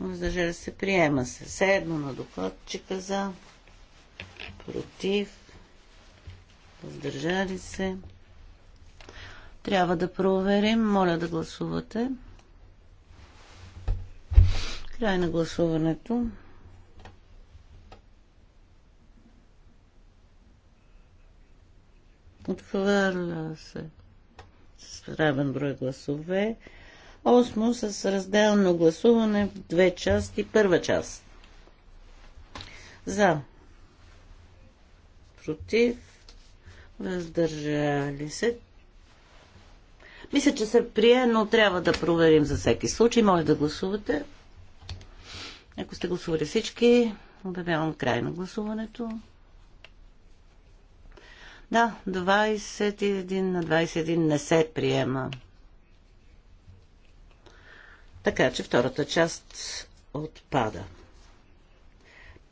въздържали се, приема се. Седмо на докладчика за, против, въздържали се. Трябва да проверим. Моля да гласувате. Край на гласуването. Отхвърля се с равен брой гласове. Осмо с разделно гласуване в две части. Първа част. За. Против. Въздържали се. Мисля, че се прие, но трябва да проверим за всеки случай. Моля да гласувате. Ако сте гласували всички, обявявам край на гласуването. Да, 21 на 21 не се приема. Така че втората част отпада.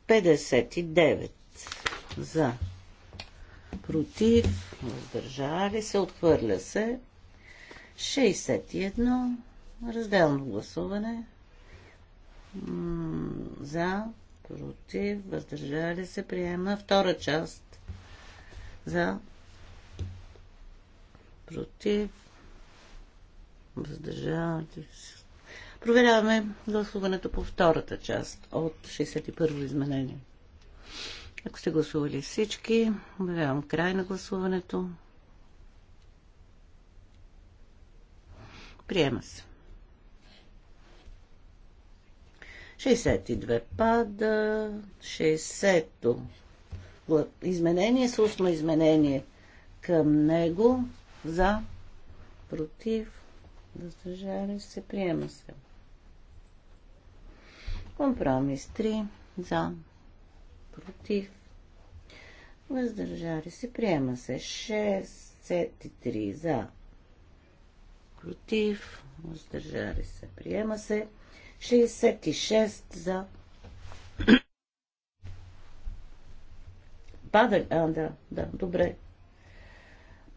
59 за против, въздържали се, отхвърля се. 61 разделно гласуване. За, против, въздържали се, приема. Втора част. За, против, въздържали се. Проверяваме гласуването по втората част от 61-во изменение. Ако сте гласували всички, обявявам край на гласуването. Приема се. 62 пада. 60-то изменение, с изменение към него. За, против, въздържали се, приема се. Компромис 3. За, против, въздържали се, приема се. 63 за, против, въздържали се, приема се. 66 за Пада, а, да, да, добре.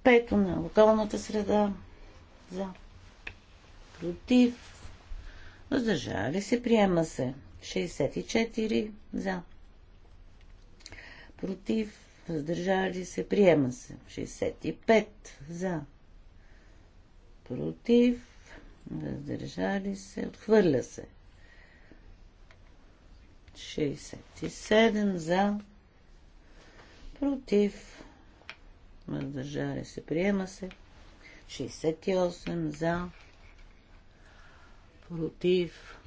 Пето на локалната среда. За. Против. Въздържали се, приема се. 64 за. Против. Въздържали се, приема се. 65 за. Против въздържали се, отхвърля се. 67 за, против, въздържали се, приема се. 68 за, против,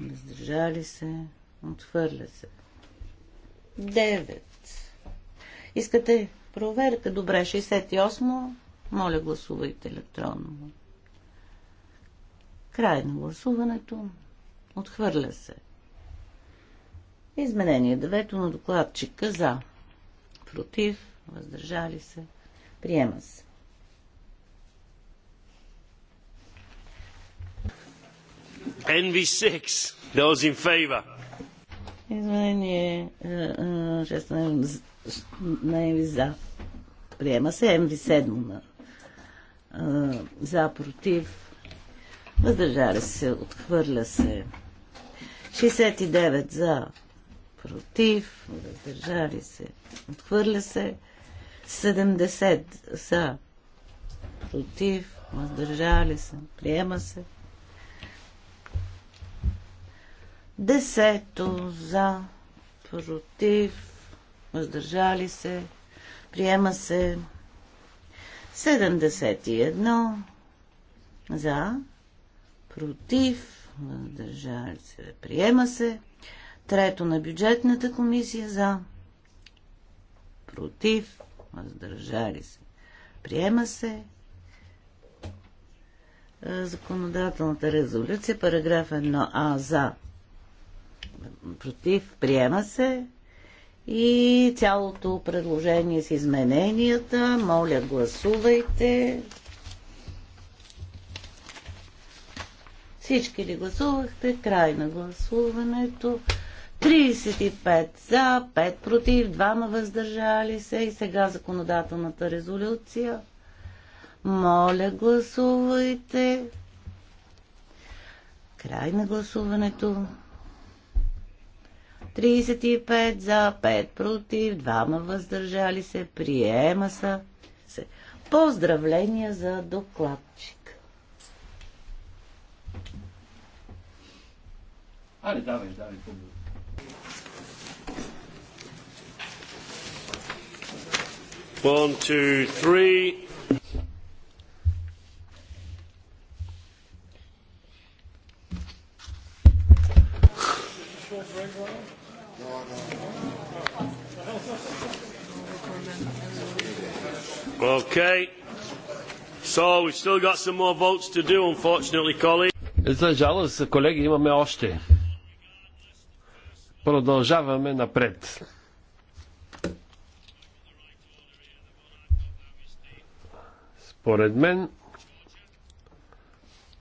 въздържали се, отхвърля се. 9. Искате проверка? Добре, 68. Моля, гласувайте електронно. Край на гласуването. Отхвърля се. Изменение 9 на докладчика за. Против. Въздържали се. Приема се. NV6. Those in favor. Изменение 6 е, е, на NV за. Приема се NV7 на е, за против Въздържали се. Отхвърля се. 69 за. Против. Въздържали се. Отхвърля се. 70 за. Против. Въздържали се. Приема се. Десето за, против, въздържали се, приема се 71 за, против, въздържали се, приема се. Трето на бюджетната комисия за, против, въздържали се, приема се. Е, законодателната резолюция, параграф 1а за, против, приема се. И цялото предложение с измененията, моля гласувайте. Всички ли гласувахте? Край на гласуването. 35 за, 5 против, 2 въздържали се и сега законодателната резолюция. Моля, гласувайте. Край на гласуването. 35 за, 5 против, 2 въздържали се, приема са. Поздравления за докладчик. Аре, давай, давай, по-бързо. One, two, three. Okay. So we've still got some more votes to do, unfortunately, colleagues. За жалост, колеги, имаме още продължаваме напред. Според мен,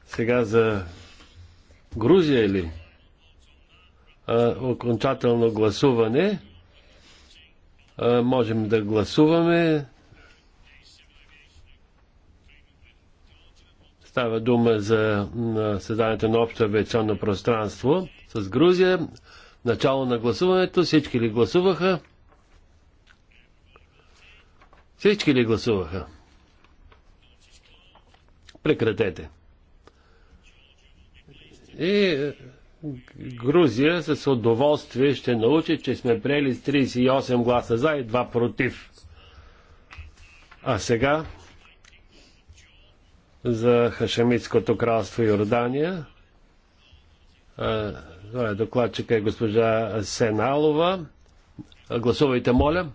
сега за Грузия или а, окончателно гласуване, а, можем да гласуваме. Става дума за създаването на общо авиационно пространство с Грузия. Начало на гласуването. Всички ли гласуваха? Всички ли гласуваха? Прекратете. И е, Грузия с удоволствие ще научи, че сме приели с 38 гласа за и 2 против. А сега за Хашемитското кралство Йордания. Е, е докладчика е госпожа Сеналова. Гласувайте, моля.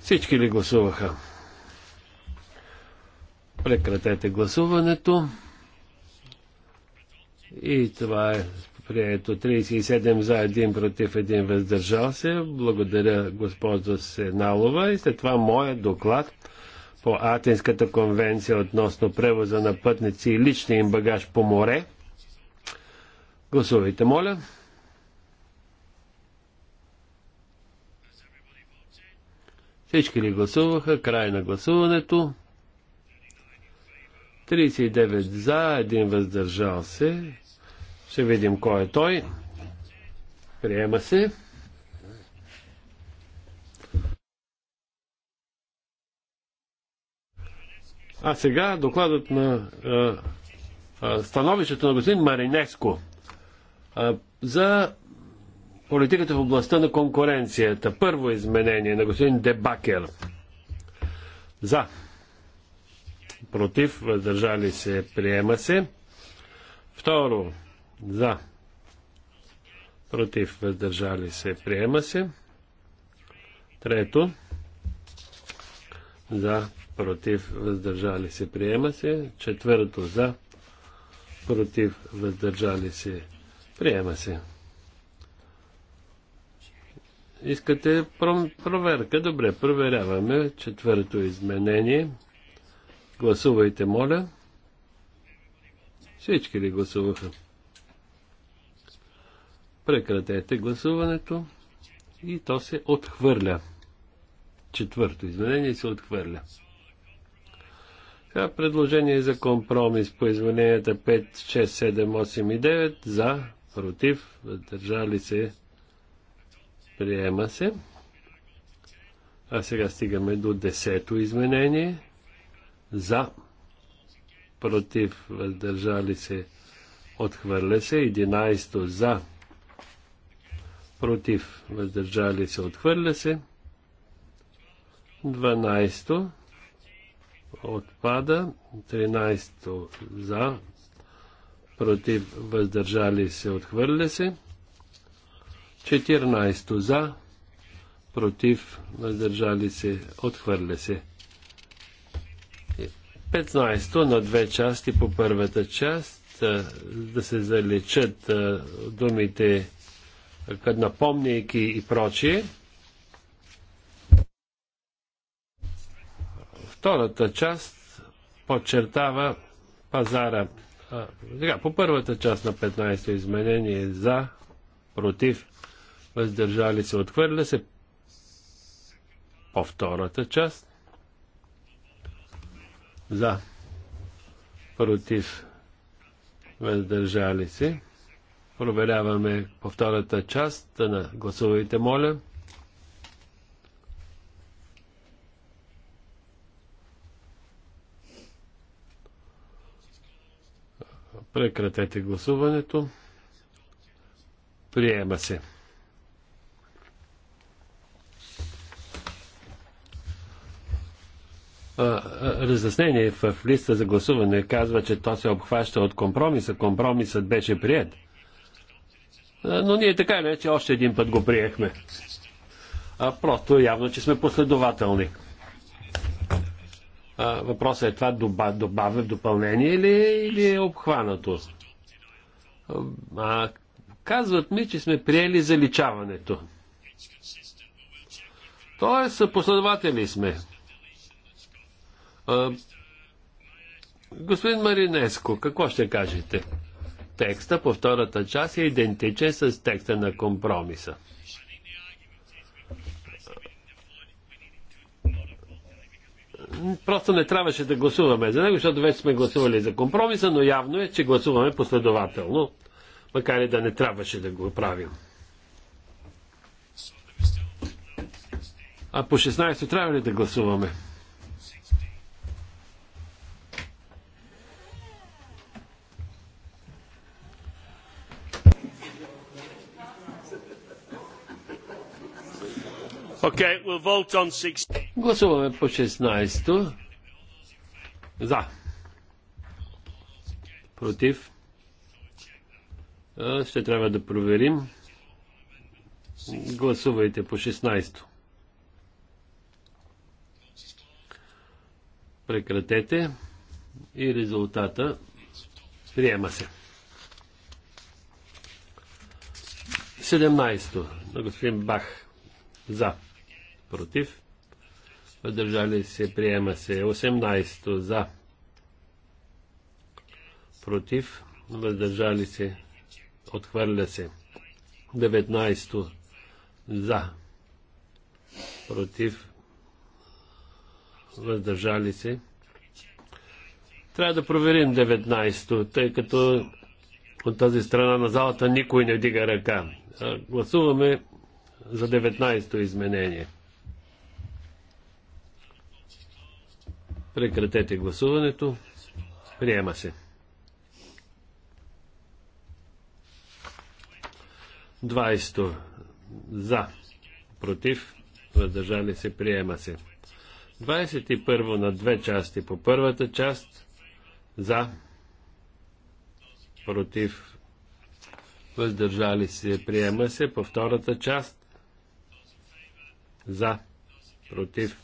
Всички ли гласуваха? Прекратете гласуването. И това е прието 37 за 1 против 1 въздържал се. Благодаря госпожа Сеналова и след това моят доклад по Атинската конвенция относно превоза на пътници и личния им багаж по море. Гласувайте, моля. Всички ли гласуваха? Край на гласуването. 39 за, един въздържал се. Ще видим кой е той. Приема се. А сега докладът на а, становището на господин Маринеско а, за политиката в областта на конкуренцията. Първо изменение на господин Дебакер. За. Против. Въздържали се. Приема се. Второ. За. Против. Въздържали се. Приема се. Трето. За против, въздържали се, приема се. Четвърто за, против, въздържали се, приема се. Искате проверка? Добре, проверяваме четвърто изменение. Гласувайте, моля. Всички ли гласуваха? Прекратете гласуването и то се отхвърля. Четвърто изменение се отхвърля. Така, предложение за компромис по измененията 5, 6, 7, 8 и 9. За, против, въздържали се, приема се. А сега стигаме до 10-то изменение. За, против, въздържали се, отхвърля се. 11-то за, против, въздържали се, отхвърля се. 12-то отпада. 13 за, против, въздържали се, отхвърля се. 14 за, против, въздържали се, отхвърля се. 15 на две части по първата част да се залечат думите напомняйки и прочие. втората част подчертава пазара. А, сега, по първата част на 15-то изменение за, против, въздържали се, отхвърля се. По втората част за, против, въздържали се. Проверяваме по втората част на гласувайте, моля. Прекратете гласуването. Приема се. разяснение в листа за гласуване казва, че то се обхваща от компромиса. Компромисът беше прият. Но ние така не, че още един път го приехме. А просто явно, че сме последователни. Въпросът е това добавя в допълнение или, или е обхванато? А, казват ми, че сме приели заличаването. Тоест, последователи сме. А, господин Маринеско, какво ще кажете? Текста по втората част е идентичен с текста на компромиса. просто не трябваше да гласуваме за него, защото вече сме гласували за компромиса, но явно е, че гласуваме последователно, макар и да не трябваше да го правим. А по 16 трябва ли да гласуваме? Okay, we'll vote on 16. Гласуваме по 16-то. За. Против. Ще трябва да проверим. Гласувайте по 16-то. Прекратете и резултата приема се. 17 на господин Бах. За против, въздържали се, приема се. 18 за, против, въздържали се, отхвърля се. 19 за, против, въздържали се. Трябва да проверим 19-то, тъй като от тази страна на залата никой не вдига ръка. Гласуваме за 19-то изменение. Прекратете гласуването. Приема се. 20 за, против, въздържали се, приема се. 21 на две части по първата част, за, против, въздържали се, приема се. По втората част, за, против,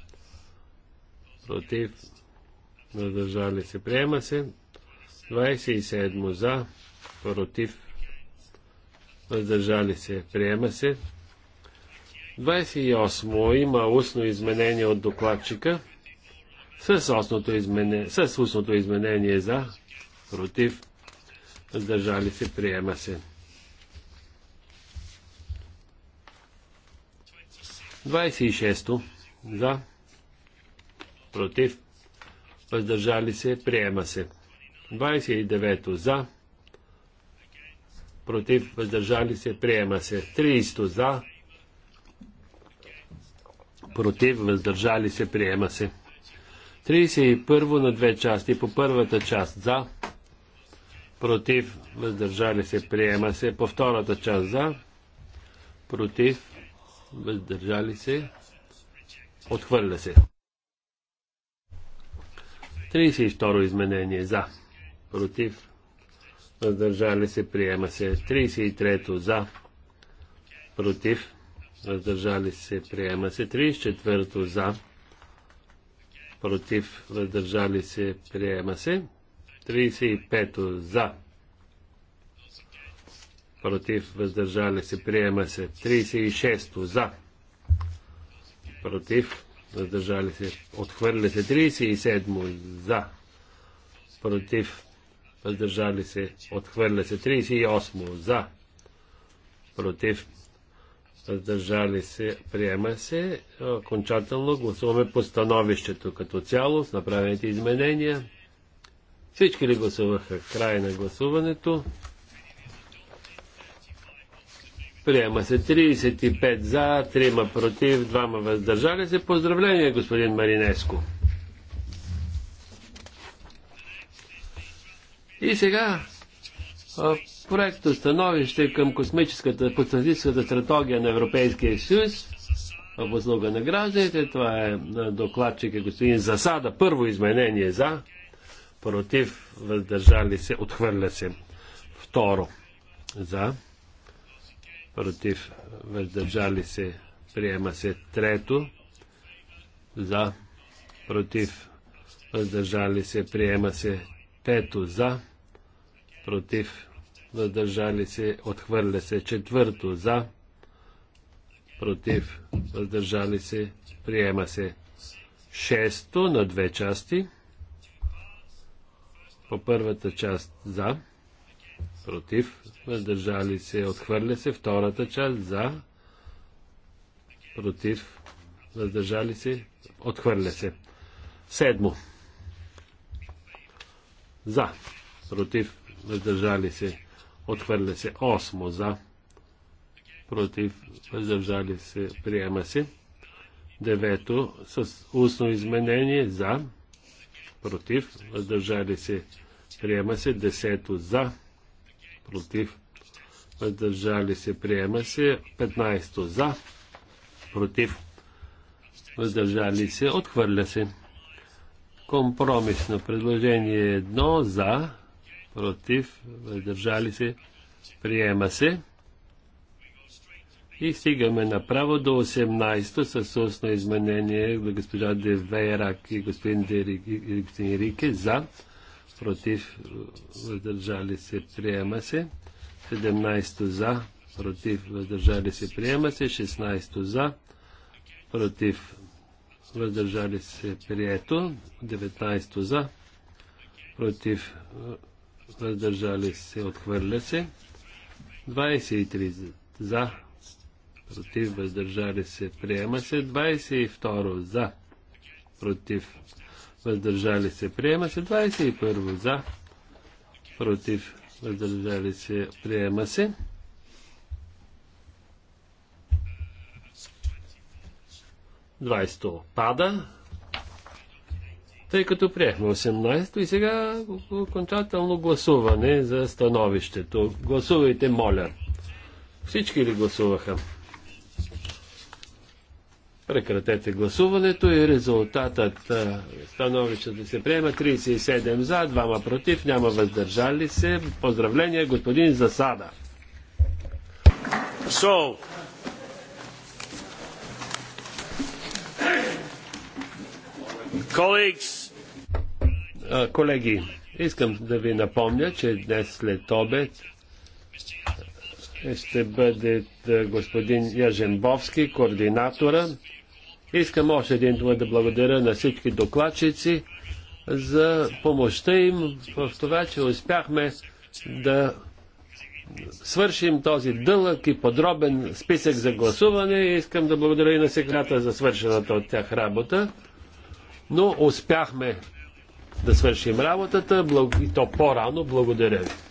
против, въздържали се, приема се. 27 за, против, въздържали се, приема се. 28 има устно изменение от докладчика. С устното изменение, с устното изменение за, против, въздържали се, приема се. 26 за, против, въздържали се, приема се. 29 за, против, въздържали се, приема се. 30 за, против, въздържали се, приема се. 31 на две части. По първата част за, против, въздържали се, приема се. По втората част за, против, въздържали се, отхвърля се. 32 изменение за. Против. Въздържали се. Приема се. 33 за. Против. Въздържали се. Приема се. 34 за. Против. Въздържали се. Приема се. 35 за. Против. Въздържали се. Приема се. 36 за. Против въздържали се, отхвърля се 37 за, против, въздържали се, отхвърля се 38 за, против, въздържали се, приема се. Окончателно гласуваме по становището като цяло с направените изменения. Всички ли гласуваха край на гласуването? Приема се 35 за, 3 против, 2 въздържали се. Поздравление, господин Маринеско. И сега проекто становище към космическата космическата стратегия на Европейския съюз в услуга на гражданите. Това е докладчик е господин Засада. Първо изменение за, против, въздържали се, отхвърля се. Второ за против, въздържали се, приема се. Трето, за, против, въздържали се, приема се. Пето, за, против, въздържали се, отхвърля се. Четвърто, за, против, въздържали се, приема се. Шесто на две части. По първата част за, против, въздържали се, отхвърля се. Втората част за, против, въздържали се, отхвърля се. Седмо. За, против, въздържали се, отхвърля се. Осмо за, против, въздържали се, приема се. Девето с устно изменение за, против, въздържали се, приема се. Десето за, против, въздържали се, приема се. 15 за, против, въздържали се, отхвърля се. Компромисно предложение 1 за, против, въздържали се, приема се. И стигаме направо до 18-то с устно изменение на госпожа Девейрак и господин, Дери, и господин Рике за против, въздържали се, приема се. 17 за, против, въздържали се, приема се. 16 за, против, въздържали се, прието. 19 за, против, въздържали се, отхвърля се. 23 за, против, въздържали се, приема се. 22 за, против, въздържали се, приема се. 21 за, против, въздържали се, приема се. 20 пада, тъй като приехме 18 и сега окончателно гласуване за становището. Гласувайте, моля. Всички ли гласуваха? Прекратете гласуването и резултатът становището се приема 37 за, 2 против, няма въздържали се. Поздравление господин Засада. So, colleagues. Колеги, искам да ви напомня, че днес след обед ще бъде господин Яженбовски, координатора Искам още един път да благодаря на всички докладчици за помощта им в това, че успяхме да свършим този дълъг и подробен списък за гласуване. Искам да благодаря и на секрета за свършената от тях работа. Но успяхме да свършим работата и то по-рано. Благодаря ви.